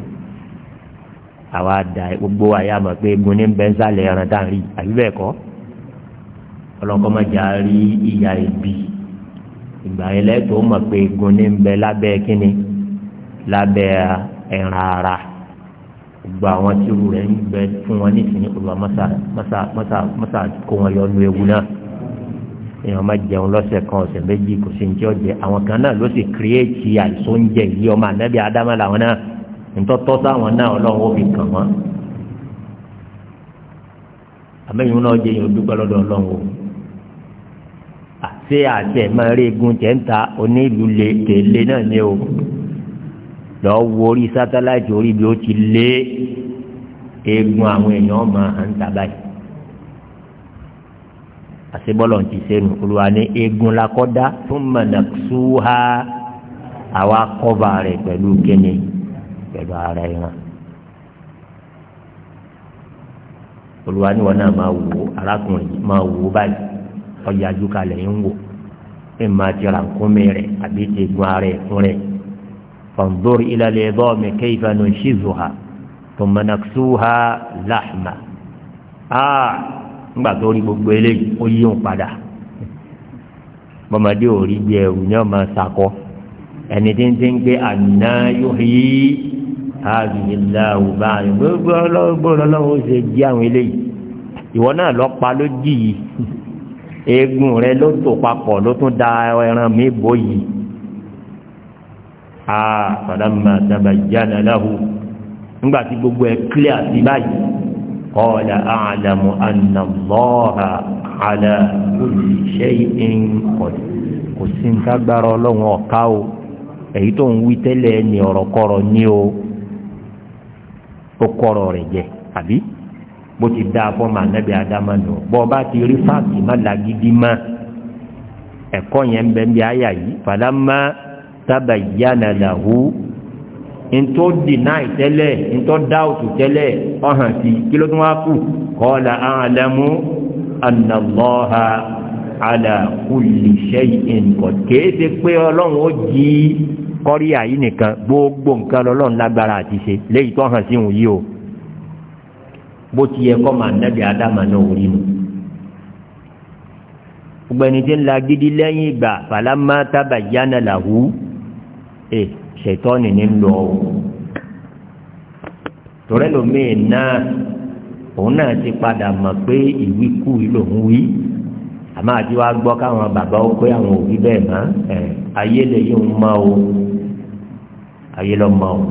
àwa da gbogbo àyà mọ̀ pé egun ní bẹ́ńsálẹ̀ ẹran tá à ń rí àbí bẹ́ẹ̀ kọ́ ọlọ́kọ́ má jà rí ìyá ibi ìgbà yẹn lẹ́tọ̀ọ́ mọ̀ pé egun ní bẹ lábẹ́ kínni lábẹ́ ẹran ara gbogbo àwọn tí irú rẹ̀ ń bẹ fún wọn nísìnyí olùwà mọ́sà mọ́sà mọ́sà kó wọn yọ lu ewu náà èèyàn máa jẹun lọ́sẹ̀ kan ọ̀sẹ̀ méjì kò sí ní tí ó jẹ àwọn kan náà ló sì kírèétì àìsàn oúnjẹ yìí ọmọ ànábì ádámà làwọn náà ntọ́tọ́ sáwọn náà ọlọ́run ó fi kàn wọ́n àmẹ́yìn náà jẹ́ yẹn dúpẹ́ lọ́dọ̀ ọlọ́run o àti àti ẹ̀ máa rí egun tẹ̀ ń ta onílù tẹ̀lé náà ní o lọ́ọ́ wo orí sátáláìtì orí bí ó ti lé egun àwọn èèyàn máa ń ta báyìí àṣebọ́lọ̀ ti sẹ́nu olúwa ní egun lakọ́dá fún mọ̀nàkṣúhá àwa kọ́ba rẹ̀ pẹ̀lú kíni pẹ̀lú ara ìran. olúwa ní wọn náà máa wò arákùnrin máa wò báyìí ọ̀yájú kalẹ̀ ń wò ẹ̀ máa ti ra nkúmi rẹ̀ àbí ti gun ara ẹ̀ fún rẹ̀. فانظر إلى العظام كيف ننشزها ثم نكسوها لحما آه ńgbà tó rí gbogbo eléyìí ó yí òun padà bọ́mọdé ò rí bí ẹrù ní ọmọ sakọ ẹni tí ń ti ń gbé àná yóò yí àbíyèlá òbá yẹn gbogbo ọlọ́gbọ́n ó ṣe jí àwọn eléyìí ìwọ náà lọ pa ló jì yìí eegun rẹ ló tò papọ̀ ló tún da ẹran mi bò yìí a fàdámà tàbàjáde aláhùn nígbà tí gbogbo ẹ kílíà sí báyìí. قال أعلم أن الله على كل شيء قدير kò sí ń tágbára ọlọ́run ọ̀ká o èyí tó ń wí tẹ́lẹ̀ ni ọ̀rọ̀ kọ̀rọ̀ ní o ó kọ̀rọ̀ rẹ̀ jẹ àbí bó ti dáa fọ́ọ̀mù ànábì adámánu bọ́ ọ bá ti rí fáàkì má lagidi má ẹ̀kọ́ yẹn ń bẹ́ẹ̀ bí àyà yìí fàlámà tábàyánà làwù ntọ́ deny tẹ́lẹ̀ ntọ́ doubt tẹ́lẹ̀ ọ̀hàn sí kí ló tún wá kù qala a'lamu anna Allaha ala kulli shay'in qad kéèsè pé ọlọ́run ó jí kọ́rí àyí nìkan gbogbo nǹkan lọ́lọ́run lágbára àti ṣe léyìí tó hàn sí òun yìí o bó ti yẹ kọ́ máa nẹ́bí adama náà orí mu gbogbo ẹni tí ń la gidi lẹ́yìn ìgbà falamma tabayyana lahu. Eh ṣètọ́nì ní lọ o torí lómii náà òun náà ti padà mọ̀ pé ìwíkú lòún wí àmọ́ àti wá gbọ́ káwọn bàbá ó pé àwọn òbí bẹ́ẹ̀ mọ́ ẹ̀ ayé lè yí òun mọ́ o ayé lọ mọ́ o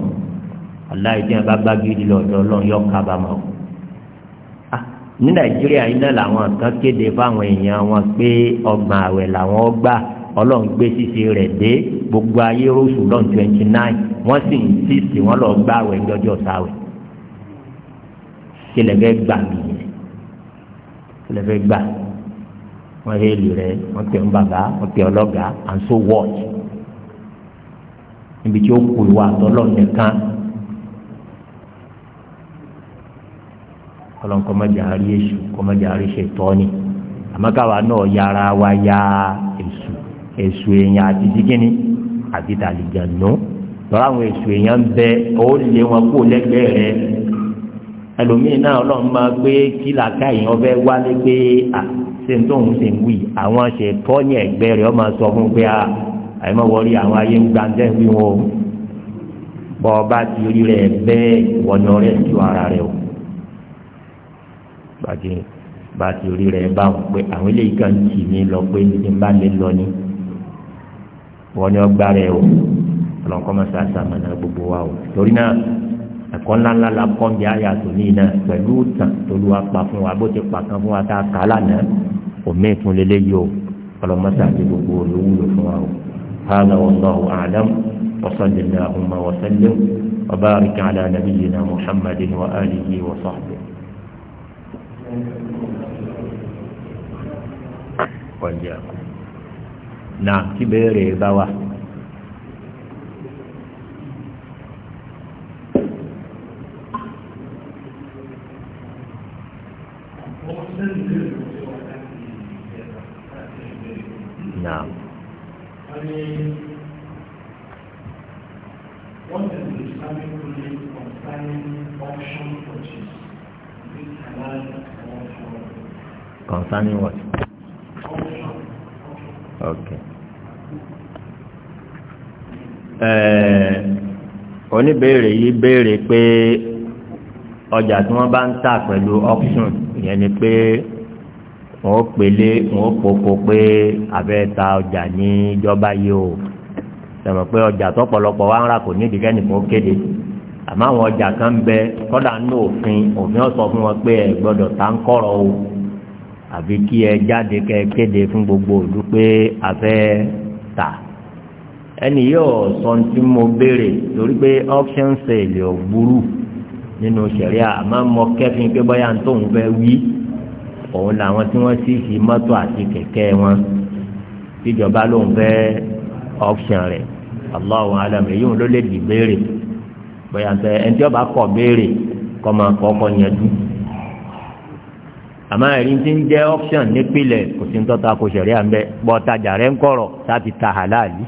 aláìsí àbá bá gidi lọ́dọ̀ ọlọ́run yọ kábàámọ̀ o ah, ní nàìjíríà yìí náà làwọn kan kéde fáwọn èèyàn wọn pé ọgbọ̀n àwẹ̀ làwọn gbà ọlọ́run gbé títí rẹ̀ dé gbogbo ayé rọ́ṣù lọ́n twenty nine wọ́n sì ń sísì wọ́n lọ gbá àwẹ̀ lọ́jọ́ sáwẹ̀ kílẹ̀ fẹ́ gbà mí yẹn kílẹ̀ fẹ́ gbà wọ́n yé lè rẹ̀ wọ́n pè ń bàbá wọ́n pè ọlọ́gàá and so watch. níbi tí ó kù ìwà àtọ́lọ́ nìkan ọlọ́run kọ́mọ́jà àrí èṣù kọ́mọ́jà àrí ṣètọ́ ni àmọ́ káwa náà yára wa ya èṣù èso èèyàn àti dígínì àti tàlìjànú lọ́la àwọn èso èèyàn bẹ ó lé wọn kó lẹ́gbẹ̀ẹ́ rẹ ẹlòmíín náà ọlọ́run máa gbé kílà káyìn ọbẹ̀ wálé pé à ṣe ń tó ń ṣe ń wì àwọn ṣe tọ́ ní ẹ̀gbẹ́ rẹ̀ ọ máa sọ fún pé àyẹ̀mọ́ wọlé àwọn ayé ń gbàǹdẹ̀ wí wọn o bọ́ ọba ti rí rẹ̀ bẹ́ẹ̀ wọ̀nà rẹ̀ ju ara rẹ̀ o bá ti rí rẹ̀ báwọn pé àwọn eléyìí kan tì mí lọ pé ní bá lè lọ ni wọ́n ní ọgbà rẹ̀ o ọlọ́nkọ́ máa ṣe àṣàmọ̀nà gbogbo wa o torí náà ẹ̀kọ́ ńláńlá la kọ́ bí àyà tó ní iná pẹ̀lú tàn tó lu apá fún wa bó ti pàkan fún wa tá a kà á lánàá òmí ìtún lélẹ́ yìí o ọlọ́mọṣà àti gbogbo olówúlò fún wa o hàlà wallahu a'lam وصلى اللهم وسلم وبارك على نبينا محمد وآله وصحبه وإياكم náà kí béèrè bá wà. Naam. the Islamic ruling concerning auction purchase? Concerning what? ẹẹ, eh, oníbèrè yìí béèrè pé ọjà tí wọ́n bá ń tà pẹ̀lú auction yẹn ni pé wọ́n pèlé wọ́n pòpò pé abẹ́ ta ọjà ní ìjọba yìí o sọ̀rọ̀ pé ọjà tọ́pọ̀lọpọ̀ wa ń rà kò ní ìdíkẹ́ nìkan kéde àmọ́ àwọn ọjà kan ń bẹ kọ́dà ń lo òfin òfin ọ̀sọ̀ fún wọn pé ẹ̀ gbọ́dọ̀ ta ń kọ̀rọ̀ o. àbí kí ẹ jáde kẹ kéde fún gbogbo òdu pé a fẹ́ tà ẹni yóò sọ tí mo béèrè torí pé option sale ò burú nínú sẹ̀ríà àmọ́ mo kẹ́fín pé bóyá ń tóun fẹ́ wí òun làwọn tí wọ́n sì fi mọ́tò àti kẹ̀kẹ́ wọn tíjọba lóun fẹ́ option rẹ̀ Allahu alam èyí wọn ló lè dì béèrè bóyá ń fẹ́ ẹni tí ó bá kọ̀ béèrè kọ́ máa kọ́ kọ́ yẹn dùn àmọ́ ẹ̀rí ti ń jẹ́ option nípìnlẹ̀ kò sí ń tọ́ta kò ṣẹ̀rí à ń bẹ́ bọ́ tajà rẹ̀ ń kọ̀rọ̀ láti ta halali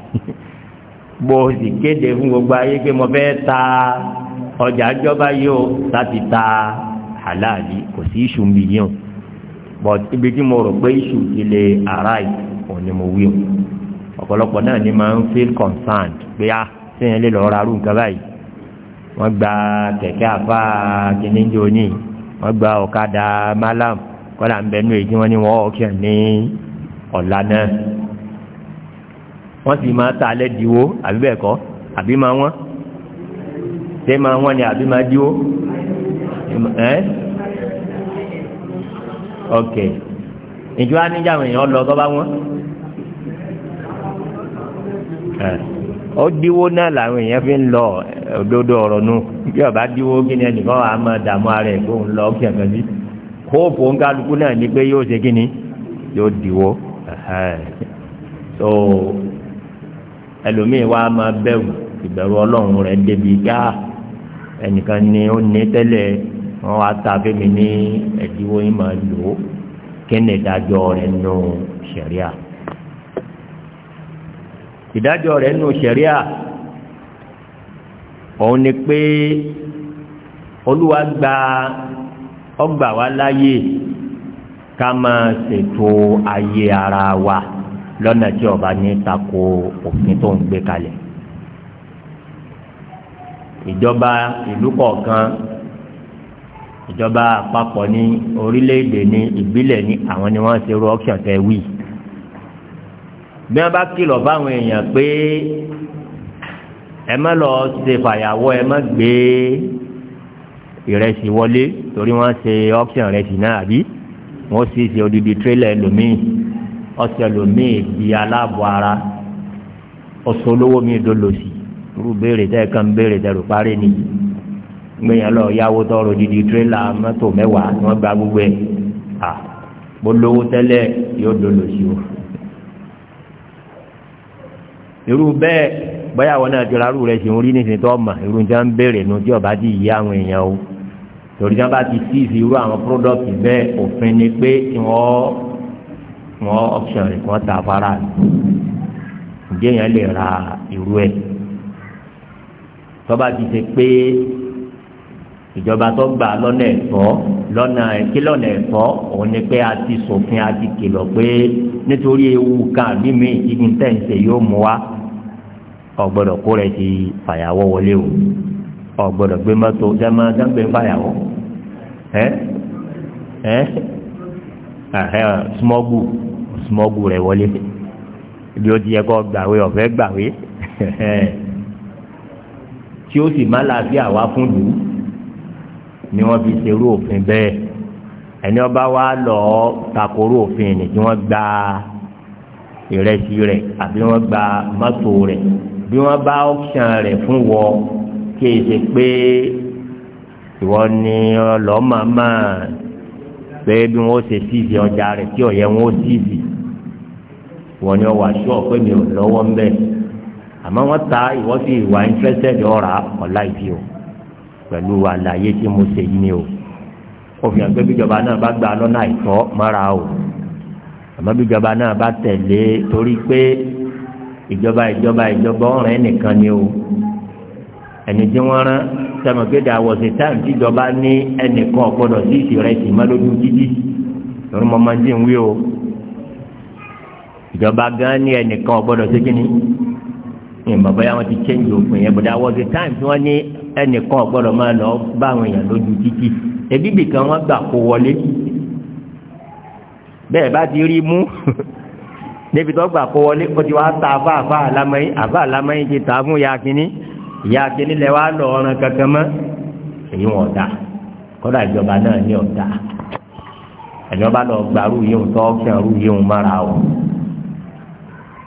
bó o sì kéde fún gbogbo ayé pé mo fẹ́ ta ọjà ìjọba yìí o láti ta halali kò sí iṣu mi yìí o but ibi tí mo rò pé iṣu ti lè arise òun ni mo wí o ọ̀pọ̀lọpọ̀ náà ni máa ń feel concerned pé a ah, sẹ́yìn lè lọ́ọ́ ra arú nǹkan báyìí wọ́n gba kẹ̀kẹ́ àfa kìnìjọ ní wọ́n gba ọ̀kadà malam kọ́lá ń bẹnu èyí wọ́n ní wọ́n ní ọ̀la náà wọ́n sì máa ta alẹ́ diwó àbí bẹ́ẹ̀ kọ́ àbí máa wọ́n ṣé máa ni àbí máa diwó ẹ́ ọ̀kẹ́ ìjọ aníjàmọ̀ èèyàn lọ tọ́ bá wọ́n ó díwó náà làwọn èèyàn lọ òdodo ọ̀rọ̀ ọba kí ni ẹnìkan wà á máa dààmú ara ẹ̀ kó ń lọ hóòpù ńkálukú náà ni pé yóò ṣe kíni yóò diwọ́ so ẹlòmíì wa máa bẹ̀rù ìbẹ̀rù ọlọ́run rẹ̀ débi gá ah, ẹnìkan ni ó ní tẹ́lẹ̀ wọn wá ta fẹ́mi ní ẹ̀dínwó yín máa lò ó kíni ìdájọ́ rẹ̀ nù sẹ̀ríà ìdájọ́ rẹ̀ nù sẹ̀ríà òun ni pé olúwa gba ọgbà wa láyè ká máa ṣètò ayé ara wa lọ́nà tí ọba ní tako òfin tó ń gbé kalẹ̀ ìjọba ìlú kọ̀ọ̀kan ìjọba àpapọ̀ ní orílẹ̀-èdè ní ìbílẹ̀ ní àwọn ni wọ́n ṣe ru option tẹ wí bí wọ́n bá kìlọ̀ báwọn èèyàn pé ẹ má lọ ṣe fàyàwọ́ ẹ má gbé e ìrẹsì wọlé torí wọ́n ṣe option ìrẹsì náà àbí wọ́n sì ṣe odidi trailer ẹlòmíì ọ̀sẹ̀ ẹlòmíì di aláàbọ̀ ara ọ̀sẹ̀ olówó mi dolòsì irú béèrè tẹ́ kan béèrè tẹ́ ló parí ni gbẹ̀yìn lọ yàwó tọrọ odidi trailer mọ́tò mẹ́wàá ni wọ́n gba gbogbo ẹ̀ à bó lówó tẹ́lẹ̀ yóò dolòsì o irú bẹ́ẹ̀ bọ́yàwó náà ti ra irú rẹ̀ ṣe ń rí nísìnyí tó ọmọ irú jẹ́ ń béèrè nu tí ọba ti yí àwọn èèyàn o torí tí wọ́n bá ti sí ìfi irú àwọn pírọ́dọ̀tì bẹ́ẹ̀ òfin ni pé wọ́n wọ́n option rẹ̀ kí wọ́n ta afárá rẹ̀ ǹjẹ́ yẹn lè ra irú ẹ̀ tọ́ba ti ṣe pé ìjọba tó gbà lọ́nà ẹ̀tọ́ lọ́nà kí lọ́nà ẹ̀tọ́ òun ni pé a ti ṣòfin a ti kìlọ̀ pé nítorí ewu kan àbí mi ìdí tẹ̀sẹ̀ yóò mú wa ọ̀gbọ́dọ̀ kó rẹ̀ ti fàyàwọ́ wọlé o ọ̀gbọ́dọ̀ gbé mọ́tò dẹ́mọ́ dẹ́gbẹ́ fàyàwọ́ ẹ́ ẹ́ smọ́gù smọ́gù rẹ̀ wọlé bí o ti yẹ kọ́ gbàwé ọ̀fẹ́ gbàwé tí ó sì má láàfin àwa fún lù ú ni wọ́n fi ṣerú òfin bẹ́ẹ̀ ẹni ọba wa lọ takoró òfin ni tí wọ́n gba ìrẹsì rẹ̀ àbí wọ́n gba mọ́tò rẹ̀ bí wọ́n bá ọ́kṣàn rẹ̀ fún wọ kí èsì pé ìwọ ni ọlọ́màmá pé bí wọ́n ṣe síbi ọjà rẹ̀ tí ọ̀yẹ́ wọn ó síbi wọ́n ni ọwọ́ aṣọ pé mi ò lọ́wọ́ ń bẹ̀ àmọ́ wọ́n ta ìwọ sí ìwà interested ọ̀rà ọ̀la ìfi o pẹ̀lú àlàyé tí mo ṣe yìí ni o òfin àgbẹ̀ bíjọba náà bá gba lọ́nà àìtọ́ mọ́ra o àmọ́ bíjọba náà bá tẹ̀lé torí pé ìjọba ìjọba ìjọba ọ̀rẹ́ nìkan ni o ẹni tí wọ́n rán sẹmọ̀gbẹ́dà wọ̀sẹ̀ táìmù tíjọba ní ẹnìkan ọ̀gbọ́dọ̀ sí ìṣèrẹ́sì mọ́lódún títí lórí mọ́mọ́ tí ń wí o ìjọba gan ní ẹnìkan ọ̀gbọ́dọ̀ sí kínní ìyẹn bàbá yà wọ́n ti change òfin yẹn bọ̀dà wọ̀sẹ̀ táìmù tí wọ́n ní ẹnìkan ọ̀gbọ́dọ̀ máa lọ bá àwọn èèyàn lójú títí ẹbí bìkan wọ́n gbà kó wọlé bẹ́ẹ̀ bá ti rí mú débi tó gbà kó wọlé ó ti wá ta àfa àfa àlámẹ́yìn àfa àlámẹ́yìn ti tà á fún ya kínní ìyá akíní lẹ wá lọ ọ̀ràn kankan mọ́ èyí wọn ọ̀dà kọ́dà ìjọba náà ní ọ̀dà ìjọba lọ gbàrú yìí ń tọ́ fẹ́ràn yìí ń mára o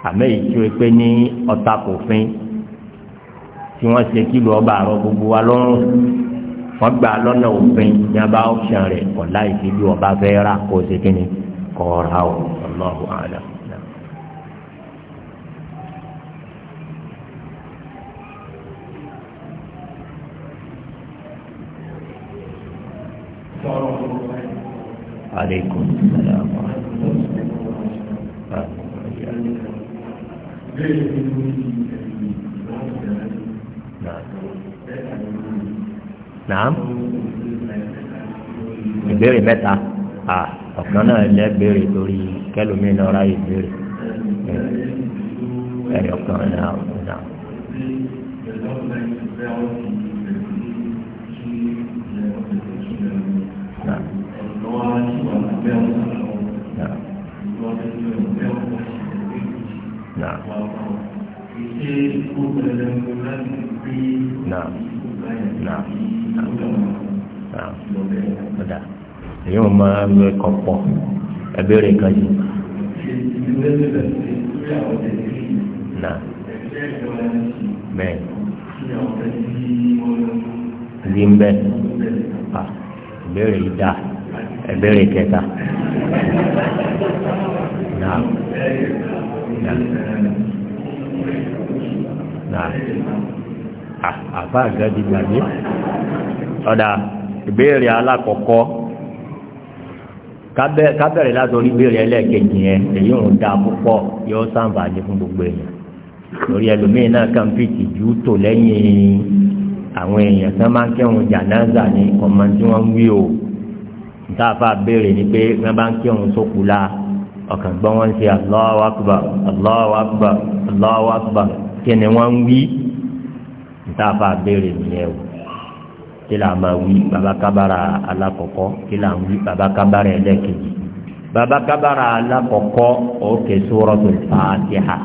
àmọ́ èyí tí o pé ní ọ̀tá kò fín tí wọ́n ṣe kílò ọba àrọ gbogbo wa lọ́rùn wọ́n gbà lọ́nà òfin ní abá ọ̀ṣàn rẹ̀ kọ̀ láì fi bí ọba fẹ́ rà kó o ṣe kí ni kọ̀ ọ̀ra o ọlọ́run àlọ́. وعليكم السلام ورحمة الله نعم ìbéèrè mẹ́ta ọ̀kan náà lẹ́ béèrè torí kẹlòmínú ọ̀rá ìbéèrè ẹ̀yọ̀kan náà. náà. ọ̀dà èyí wọn máa ń lọ ẹ̀kọ́ pọ̀ ẹ̀bẹ̀rẹ̀ kan sí. náà bẹ́ẹ̀ ní bẹ́ẹ̀ à ìbéèrè yìí dáa ìbéèrè kẹta náà. Ah, àbá àgádì gbàgbé ọ̀dà ìbéèrè alákọ̀ọ́kọ́ kábẹ̀rẹ̀ látọrí ìbéèrè ẹlẹ́ẹ̀kejì yẹn èyí ò ń da púpọ̀ yóò sàǹfààní fún gbogbo èèyàn lórí ẹlòmíì náà kàn fi tìjú tò lẹ́yìn àwọn èèyàn tán máa ń kẹ́hùn jànáza ní ọmọ tí wọ́n ń wí o níta béèrè ni pé wọ́n bá ń kẹ́hùn sókùú ọkàn gbọ́ wọn ṣe Allahu Akbar Allahu Akbar Allahu Akbar kí ni wọ́n ń wí nítafà béèrè nìyẹn o kí là máa wí bàbá kábàrà alákọ̀ọ́kọ́ kí là ń wí bàbá kábàrà ẹlẹ́kejì bàbá kábàrà alákọ̀ọ́kọ́ òkè Suratul Fatiha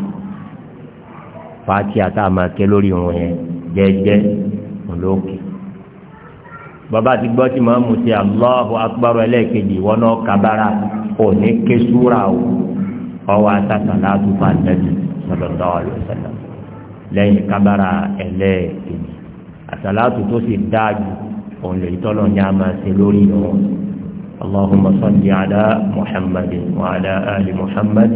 Fatiha tá a máa ké lórí wọn yẹn jẹ́jẹ́ olókè bàbá ti gbọ́ tí màá mú sí Allahu Akbar wọn náà kábàrà òní ké súra o ọwọ́ asásàlá àtúfà nẹ́bí sallallahu alaihi wasallam lẹ́yìn kábàrà ẹlẹ́ẹ̀kejì àsàlátù tó sì dáàjù òun lè tọ́lọ̀ ní a máa ṣe lórí wọn اللهم صل على محمد وعلى آل محمد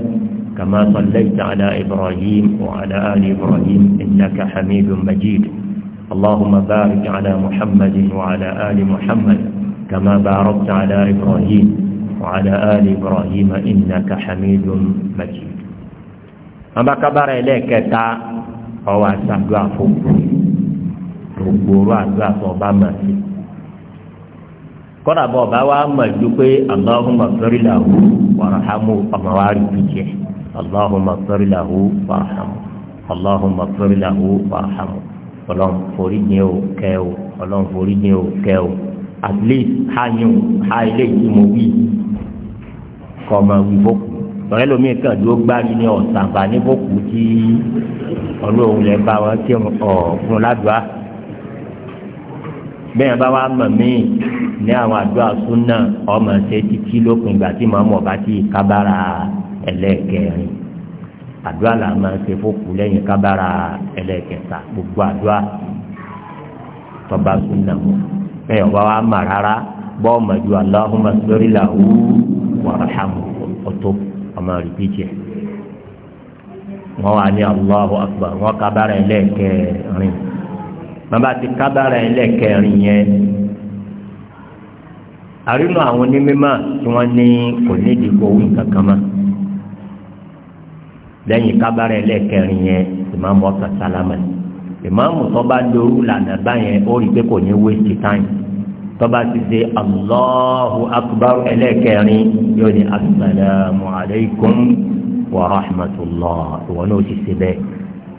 كما صليت على إبراهيم وعلى آل إبراهيم إنك حميد مجيد اللهم بارك على محمد وعلى آل محمد كما باركت على إبراهيم وعلى آل إبراهيم إنك حميد مجيد أما كبر إليك تا أو أسعد عفوك gbogbo àdúrà tó ọba mà sí kọ́dà bọ̀ ọba wa mọ̀ ju pé aláhùnmá sọ́rí làwù wàràhámù ọmọ wa rí bìjẹ́ aláhùnmá sọ́rí làwù wàràhámù aláhùnmá sọ́rí làwù wàràhámù ọlọ́run forí jẹ́ o kẹ́ o ọlọ́run forí jẹ́ o kẹ́ o at least ha yun ha ilé ìtumọ̀ wí kọ́ ọmọ wí fókù tọ́lẹ́ lomi kan ló gbárí ní ọ̀sánfà ní fókù tí ọlọ́run lẹ́ bá wọn tí ọ̀ fún ládùá bẹ́ẹ̀ bá wà mọ̀ mí ní àwọn àdúrà súnà ọmọ ṣe títí lópin ìgbà tí màmú ọba ti kábàrà ẹlẹ́ẹ̀kẹrin àdúrà là máa ṣe fókù lẹ́yìn kábàrà ẹlẹ́ẹ̀kẹta gbogbo àdúrà tọ́ba súnà mọ́ bẹ́ẹ̀ ọba wa mà rárá bọ́ ọmọ ju aláhùnmá sórí làwù wàràhàmù ọ̀tọ̀ ọmọ rìpíìtì ẹ̀ wọ́n wà ní Allahu Akbar wọ́n kábàárà ẹ̀ lẹ́ẹ̀kẹrin bàbá ti kábàárà ẹ̀ lẹ́ẹ̀kẹrin yẹn àrínú àwọn onímọ̀ tí wọ́n ní kò nídìí kó wí kankan mọ́ lẹ́yìn kábàárà ẹ̀ lẹ́ẹ̀kẹrin yẹn ìmáàmù ọ̀kà sálámà ìmáàmù tó bá dorú lànà báyẹn ó rí pé kò ní waste time tó bá ti ṣe Allahu akbar ẹlẹ́kẹrin yóò ní assalamu alaykum wa rahmatullah ìwọ náà ti ṣe bẹ́ẹ̀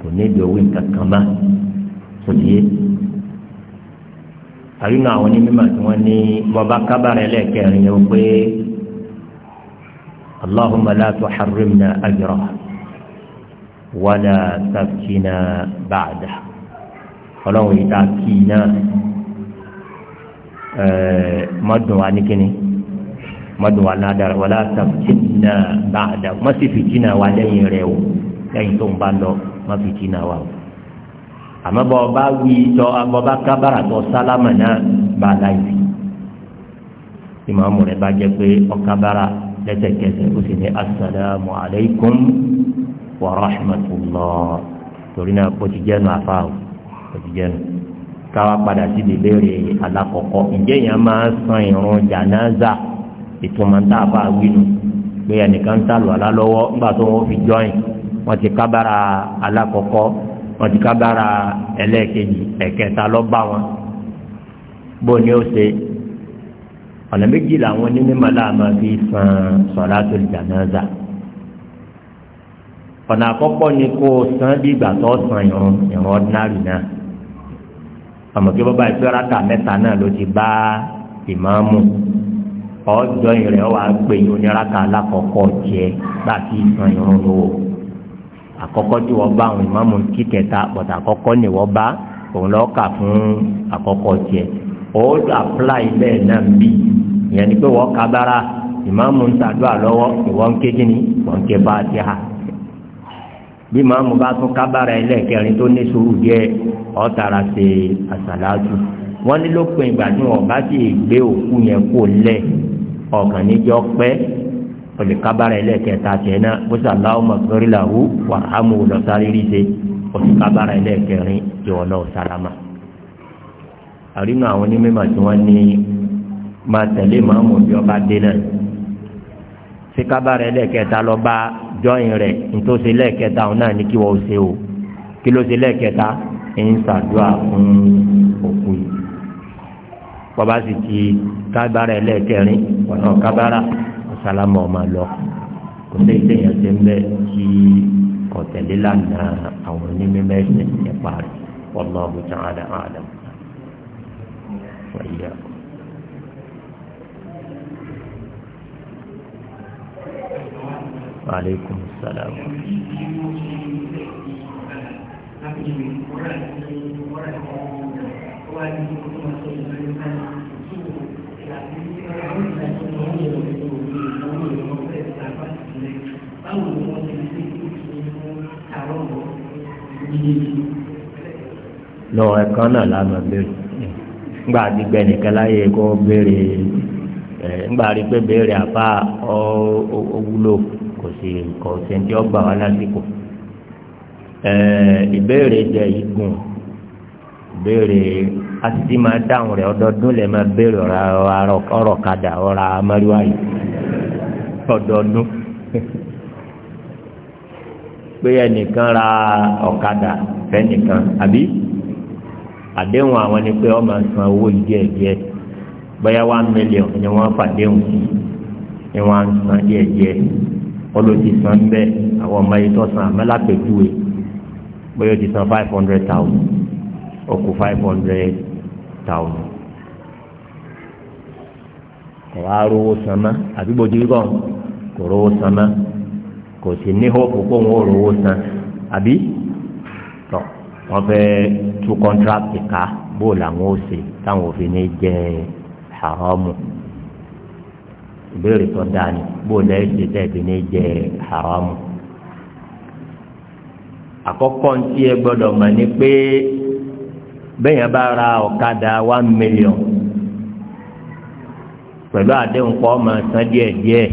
kò ní ìdí owó nǹkan kan má sọ́díé àyínú àwọn onímọ̀ tí wọ́n ní bọ́bá kábàárẹ̀ ẹlẹ́kẹrin yóò pé Allahumma la tuharrimna ajrah. ولا تبكنا بعده ọlọ́run yìí tá a kì í náà mọ́dún wa ní kíni mọ́dún wa ládàá wọlé àtàkùnjìnà bá a dà mọ́sí fìtínà wa lẹ́yìn rẹ̀ o lẹ́yìn tó ń bá lọ mọ́ fìtínà wa o àmọ́ bọ́ ọba wí tọ́ abọ́ba kábàrà tọ́ sálámà náà bá a láì fi ìmọ̀ọ́mù rẹ̀ bá jẹ́ pé ọ̀kábàrà lẹ́sẹ̀kẹsẹ̀ ó sì ní asalaamu alaykum wa rahmatulah torí náà kò ti jẹ́ nu àfa o òtìjẹnu káwa padà sí ìbéèrè alákọ̀ọ́kọ́ ǹjẹ́ yẹn máa san ìrun jànáza ìtumọ̀ tá a bá wínú pé ẹnìkan ń sàlù àlá lọ́wọ́ nígbà tó wọ́n fi jọyìn wọ́n ti kábàrà alákọ̀ọ́kọ́ wọ́n ti kábàrà ẹlẹ́ẹ̀kejì ẹ̀kẹta lọ́ba wọn bó ni ó ṣe ọ̀nà méjì làwọn onímọ̀ láàmú fi san sọ̀látul jànáza ọ̀nà àkọ́kọ́ ni kó san bí ìgbà tó san ìrun ìrun ordinary náà. àmọ́ kí bọ́bá ìpè rákà mẹ́ta náà ló ti bá ìmáàmù ọjọ́ ìrẹ̀ wà pé oníraka alákọ̀ọ́kọ́ jẹ́ bá ti san irun lówó àkọ́kọ́ tí wọ́n bá àwọn ìmáàmù kí ni wọ́n bá òun lọ́ọ́ kà fún àkọ́kọ́ jẹ́ ó apply bẹ́ẹ̀ náà bí ìyẹn ni pé wọ́n kábára ìmáàmù ń tàdúrà lọ́wọ́ ìwọ́n ń ké kíni bí màmú bá tún kábàárà ẹlẹ́ẹ̀kẹrin tó ní sùúrù díẹ̀ ọ̀tara ṣe àṣàlátù wọ́n ní lópin ìgbà tí wọ́n bá sì gbé òkú yẹn kó lẹ̀ ọ̀kàn níjọ́ pẹ́ olè kábàárà ẹlẹ́ẹ̀kẹta tiẹ̀ náà bó ṣe Allahumma ghfir lahu warhamhu lọ́sàrí rí ṣe òsì kábàárà ẹlẹ́ẹ̀kẹrin ìwọ̀n náà sálámà. àrínú àwọn onímọ̀ tí wọ́n ní máa tẹ̀lé màmú bí ọba dé náà ṣé kábàárà ẹlẹ́ẹ̀kẹta lọ bá jọyìn rẹ̀ nítòsí lẹ́ẹ̀kẹta òun náà ní kí wọ́n ṣe o kí ló ṣe lẹ́ẹ̀kẹta ń ṣàdúrà fún òkú yìí bọ́bá sì ti kábàárà ẹlẹ́ẹ̀kẹrin ọ̀nà kábàárà ọ̀sálámà ọmọ lọ kò sí ilé yẹn ṣe ń bẹ kí ọ̀tẹ̀lélànà àwọn onímọ̀ ẹ̀sìn nípa rẹ̀ wallahu ta'ala a'lam. وإياكم aleykum salaam. lọ ẹ̀kan náà lánà béèrè ńgbà àdìgbẹ́ nìkan láyé kó béèrè ẹ̀ ńgbà rí pé béèrè àbá ọ ọ wúlò. kò sí nǹkan ọ̀sẹ̀ tí ó gbà wá lásìkò ìbéèrè jẹ igun ìbéèrè asisi máa dáhùn rẹ ọdọọdún lè máa béèrè ọ̀rọ̀ kadà ọ̀rọ̀ amáríwá yìí ọdọọdún pé ẹnìkan ra ọ̀kadà fẹ́nìkan àbí àdéhùn àwọn ni pé máa san owó ni fàdéhùn ọlọ́dì san bẹ́ẹ̀ àwọn ọmọ yìí tó san amẹ́lápẹ̀júwe bóyá ti san five hundred thousand ọkù five hundred thousand kò wá rówó san mọ́ àbí bójú kọ́ kò rówó san mọ́ kò sì ní hóòpù kó wọn ò rówó san àbí tọ́ wọ́n fẹ́ tú kọ́ńtrákì ká bóòlù àwọn ò táwọn òfin ní jẹ́ haramu. ìbéèrè tó dáa ni bó o lẹ́yìn ṣe tẹ̀sí ní jẹ haramu. àkọ́kọ́ ntí ẹ gbọ́dọ̀ mọ̀ ni pé bẹ́yẹn bá ra ọ̀kadà one million pẹ̀lú àdéhùn kọ́ ọmọ san díẹ̀ díẹ̀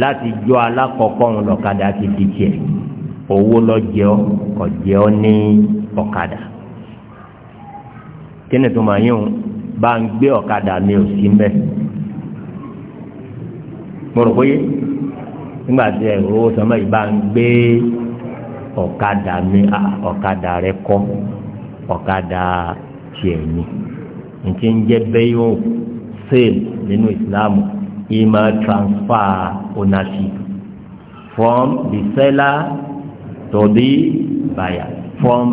láti jọ alákọ̀ọ́kọ́ ń lọ́kadà ti di tiẹ̀ owó lọ́jẹ́ ọ kò jẹ́ ní ọ̀kadà kí ni tó máa yín o bá ń gbé ọ̀kadà mo rò bóyá nígbà tí ẹ rówó sọmọ yìí bá ń gbé ọ̀kadà mi ọ̀kadà rẹ kọ́ ọ̀kadà tiẹ̀ ni nti ń jẹ́ bẹ́yọ̀ sale nínú ìsìláàmù ìmọ̀ transfer ownership from the seller to the buyer from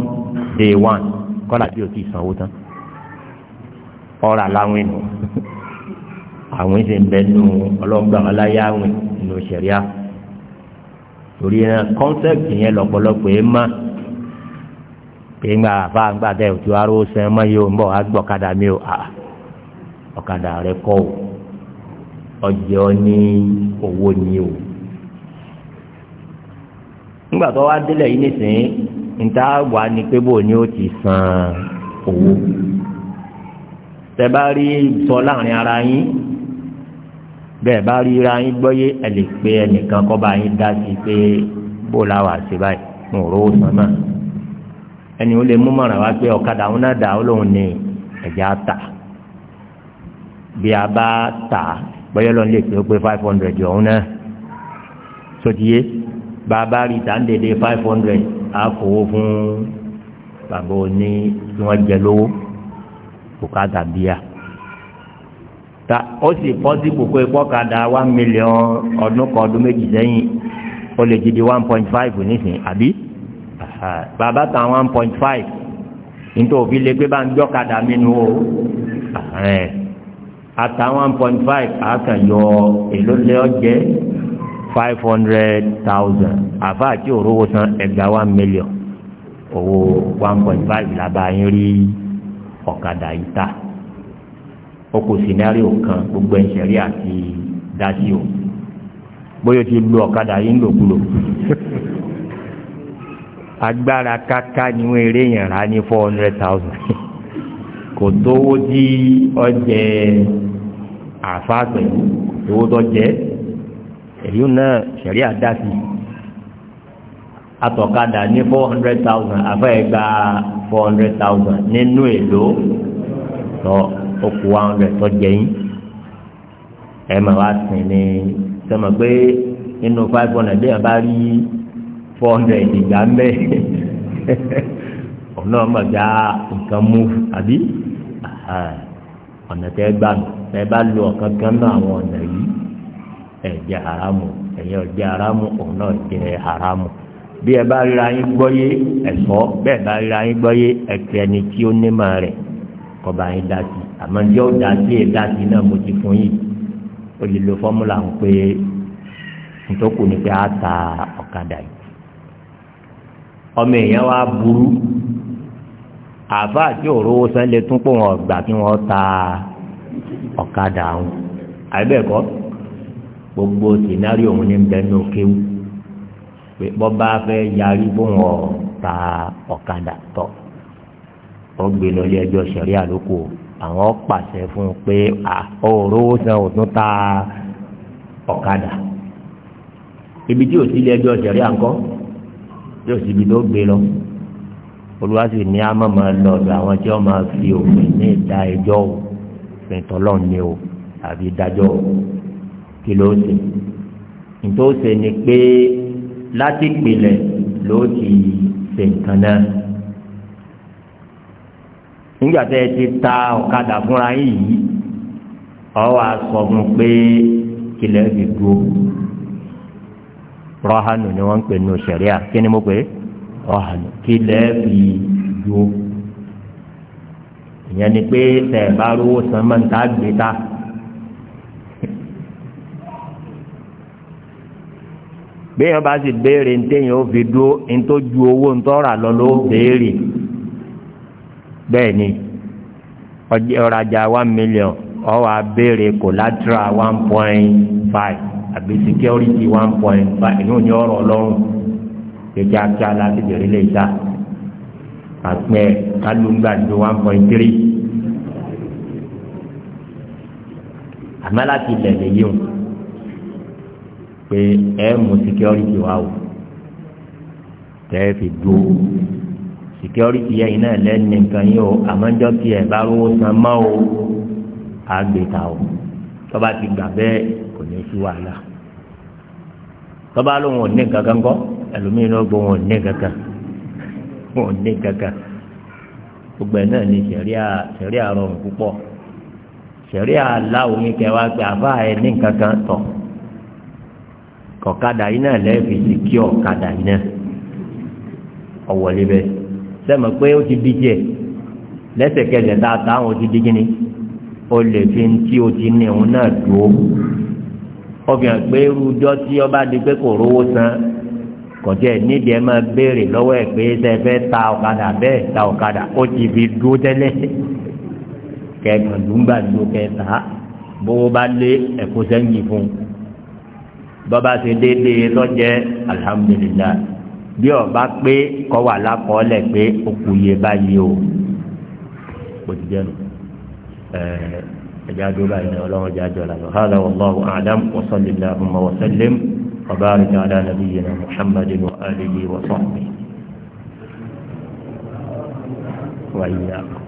day one kọ́lá bí o ti sanwó tán ọ̀rọ̀ àláwìn nù. àwọn ìṣe ń bẹ nù ọlọ́gbà aláyá àwìn nù sẹ̀ríà torí ẹ kọ́nsẹ́pì yẹn lọ́pọ̀lọpọ̀ ẹ má pé ń gbà àfa àgbà tẹ òtún aró sẹ́n mọ́ yìí ó ń bọ̀ wá gbọ́ ọ̀kadà mi ó à ọ̀kadà rẹ kọ́ ò ọjọ́ ní owó ni o nígbà tó wá délẹ̀ yìí nísìnyí níta wà ní pé bò ní ó ti san owó tẹ bá rí sọ láàrin ara yín bẹ́ẹ̀ bá ríra yín gbọ́yé ẹ lè pe ẹnìkan kọ́ bá yín dá sí pé bó la wà sí báyìí mo rò ó sàn náà ẹni ó lè mú mọ̀ràn wá pé ọ̀kadà òun náà dà ó lòun ní ẹ̀já tà bí a bá tà bọ́yọ́ lọ́n lè pé ó pé five hundred ọ̀hún náà sotiye bàbá rí tà ń dédé five hundred á fowó fún bàbá òní tí wọ́n jẹ lówó kò ká ta ó sì pọ́sibù pé kọ́kadà one million ọdún kan ọdún méjì sẹ́yìn ó lè ti di one point five nísìnyí àbí bàbá kan one point five nítorí òfin lè pé bá ń gbọ́kadà mínú o ata one point five àkànyọ èló lé ọjẹ five hundred thousand àfa àti òróró san ẹgbà one million owó one point five làbá yín rí ọ̀kadà yìí ta ọkọ̀ sinario kan gbogbo ẹ̀ṣẹ̀rí àti dasi o bóyá o ti lu ọ̀kadà yìí ń lòkulò agbára kaka ni wọ́n eré yẹn rà ní four hundred thousand kò tó owó tí ọjẹ àfa pẹ̀lú owó tó jẹ èyí náà ṣẹ̀rí àdásí atọ̀kadà ní four hundred thousand àfẹ́ four hundred thousand nínú èlò tọ́. So, okù wa rẹ̀ tọ́jẹ́ yín ẹ mà wá sìn ní sọmọ pé nínú five hundred bí wọn bá rí four hundred ìgbà mẹ́ ọ̀nà ọmọdé nǹkan mú àbí ọ̀nà tẹ́ gbà nù tẹ́ bá lo ọ̀kan kan náà àwọn ọ̀nà yìí ẹ̀ jẹ́ haramu ẹ̀yẹ́ ọ̀jẹ́ haramu òun náà jẹ́ haramu bí ẹ bá ríra yín gbọ́yé ẹ̀sọ́ a bá ríra yín gbọ́yé ẹ̀kẹ́ ẹni tí ó ní máa rẹ̀ kọba yín dá sí àmọ́ ǹjẹ́ ó dá sí ẹ̀dá sí náà mo ti fún yìí ó lè lo fọ́múlà ń pé ntọ́kù ni pé á ta ọ̀kadà yìí ọmọ èèyàn wá burú àfa àti òróró sẹ́lẹ̀ tún pò wọ́n gbà kí wọ́n ta ọ̀kadà àwọn àbẹ̀kọ́ gbogbo sìnárì òun ní bẹ́ẹ̀ ní òkéwù pé bọ́ fẹ́ yarí bó wọ́n ta ọ̀kadà tọ̀ ó gbé lọ ilé ẹjọ́ sẹ̀ríà lóko o àwọn pàṣẹ fún un pé ọ̀rọ̀ owó san òtún ta ọ̀kadà ibi tí òsì ilé ẹjọ́ ṣẹ̀rí àkọ́ tí òsì ibi tó gbé lọ olùwàsí ní a máa máa lọ ọ̀dọ̀ àwọn tí wọ́n máa fi òfin ní ìdá ẹjọ́ òfin tọ́lọ̀ ni o àbí ìdájọ́ kí ló ṣe nítorí ni pé láti pìlẹ̀ ló ti ṣe nǹkan náà nígbà tẹ́ ẹ ti ta ọ̀kadà fúnra yìí ọwọ́ aṣọ fún pé kìlẹ̀ fi dúró rọ́hánù ni wọ́n ń pè ní òṣèré à kí ni mo pè é rọ́hánù kìlẹ̀ fi dúró ìyẹn ni pé tẹ̀ san máa ń ta gbé ta. béèyàn bá sì béèrè ntẹ́yìn ó fi dúró ntójú owó ntọ́ra lọ ló béèrè bẹ́ẹ̀ ni ọ̀rajà one million ọwọ́ abéèrè collateral one point five àbí security one point five inú ni ọ̀rọ̀ ọlọ́run kékeré akíá láti bẹ̀rẹ̀ lè ta àpẹ kálùgbàdo one point three àmọ́ láti ilẹ̀ lèyí o pé ẹ mú security wa o tẹ́ fi dúró security yẹn iná lẹ́nu nǹkan yìí o àmọ́jọ́ tí ẹ̀ bá rówó san mọ́ o àgbèta o tọ́ba ti gbà bẹ́ẹ̀ kò ní sí wàhálà tọ́ba ló wọn ò ní kankan kọ́ ẹlòmíràn ló gbọ́ wọn ò ní kankan wọn ò ní kankan gbogbo ẹ̀ náà ni sẹ̀ríà sẹ̀ríà rọrùn púpọ̀ sẹ̀ríà láwọn ní kẹwàá pé àbá ẹ̀ ní kankan tọ̀ kọ̀kadà yìí náà lẹ́ẹ̀fì sí kí yìí náà ọ̀wọ́lé sẹ́mi pé ó ti di jẹ́ lẹ́sẹ̀kẹsẹ̀ dáadáa àwọn ti di gíní o lè fi tí o ti ní òun náà dúró obìnrin pé irújọ́ tí ọba di pé kò rówó san kọjá nídìí ẹ máa béèrè lọ́wọ́ ẹ̀ pé ṣe fẹ́ ta ọ̀kadà bẹ́ẹ̀ ta ọ̀kadà ó ti fi dúró tẹ́lẹ̀ kẹ̀kàn dùgbàdùn kẹta bówó bá lé ẹ̀kọ́ sẹ́yìn fún bọ́ba ṣe déédéé lọ́jẹ́ alihamudulilayi bí ọba pé kọ́ wà lákọọ́lẹ̀ pé ó kù yé báyìí o bó ti jẹ́ nu ẹ̀jẹ̀ àdúrà ìdá ọlọ́run jẹ́ àjọ lànà hàlẹ́ wàlláhu àdám wasalli allahumma wasallim wa barik ala nabiyyina muhammadin wa alihi wa sahbihi wa iyyakum.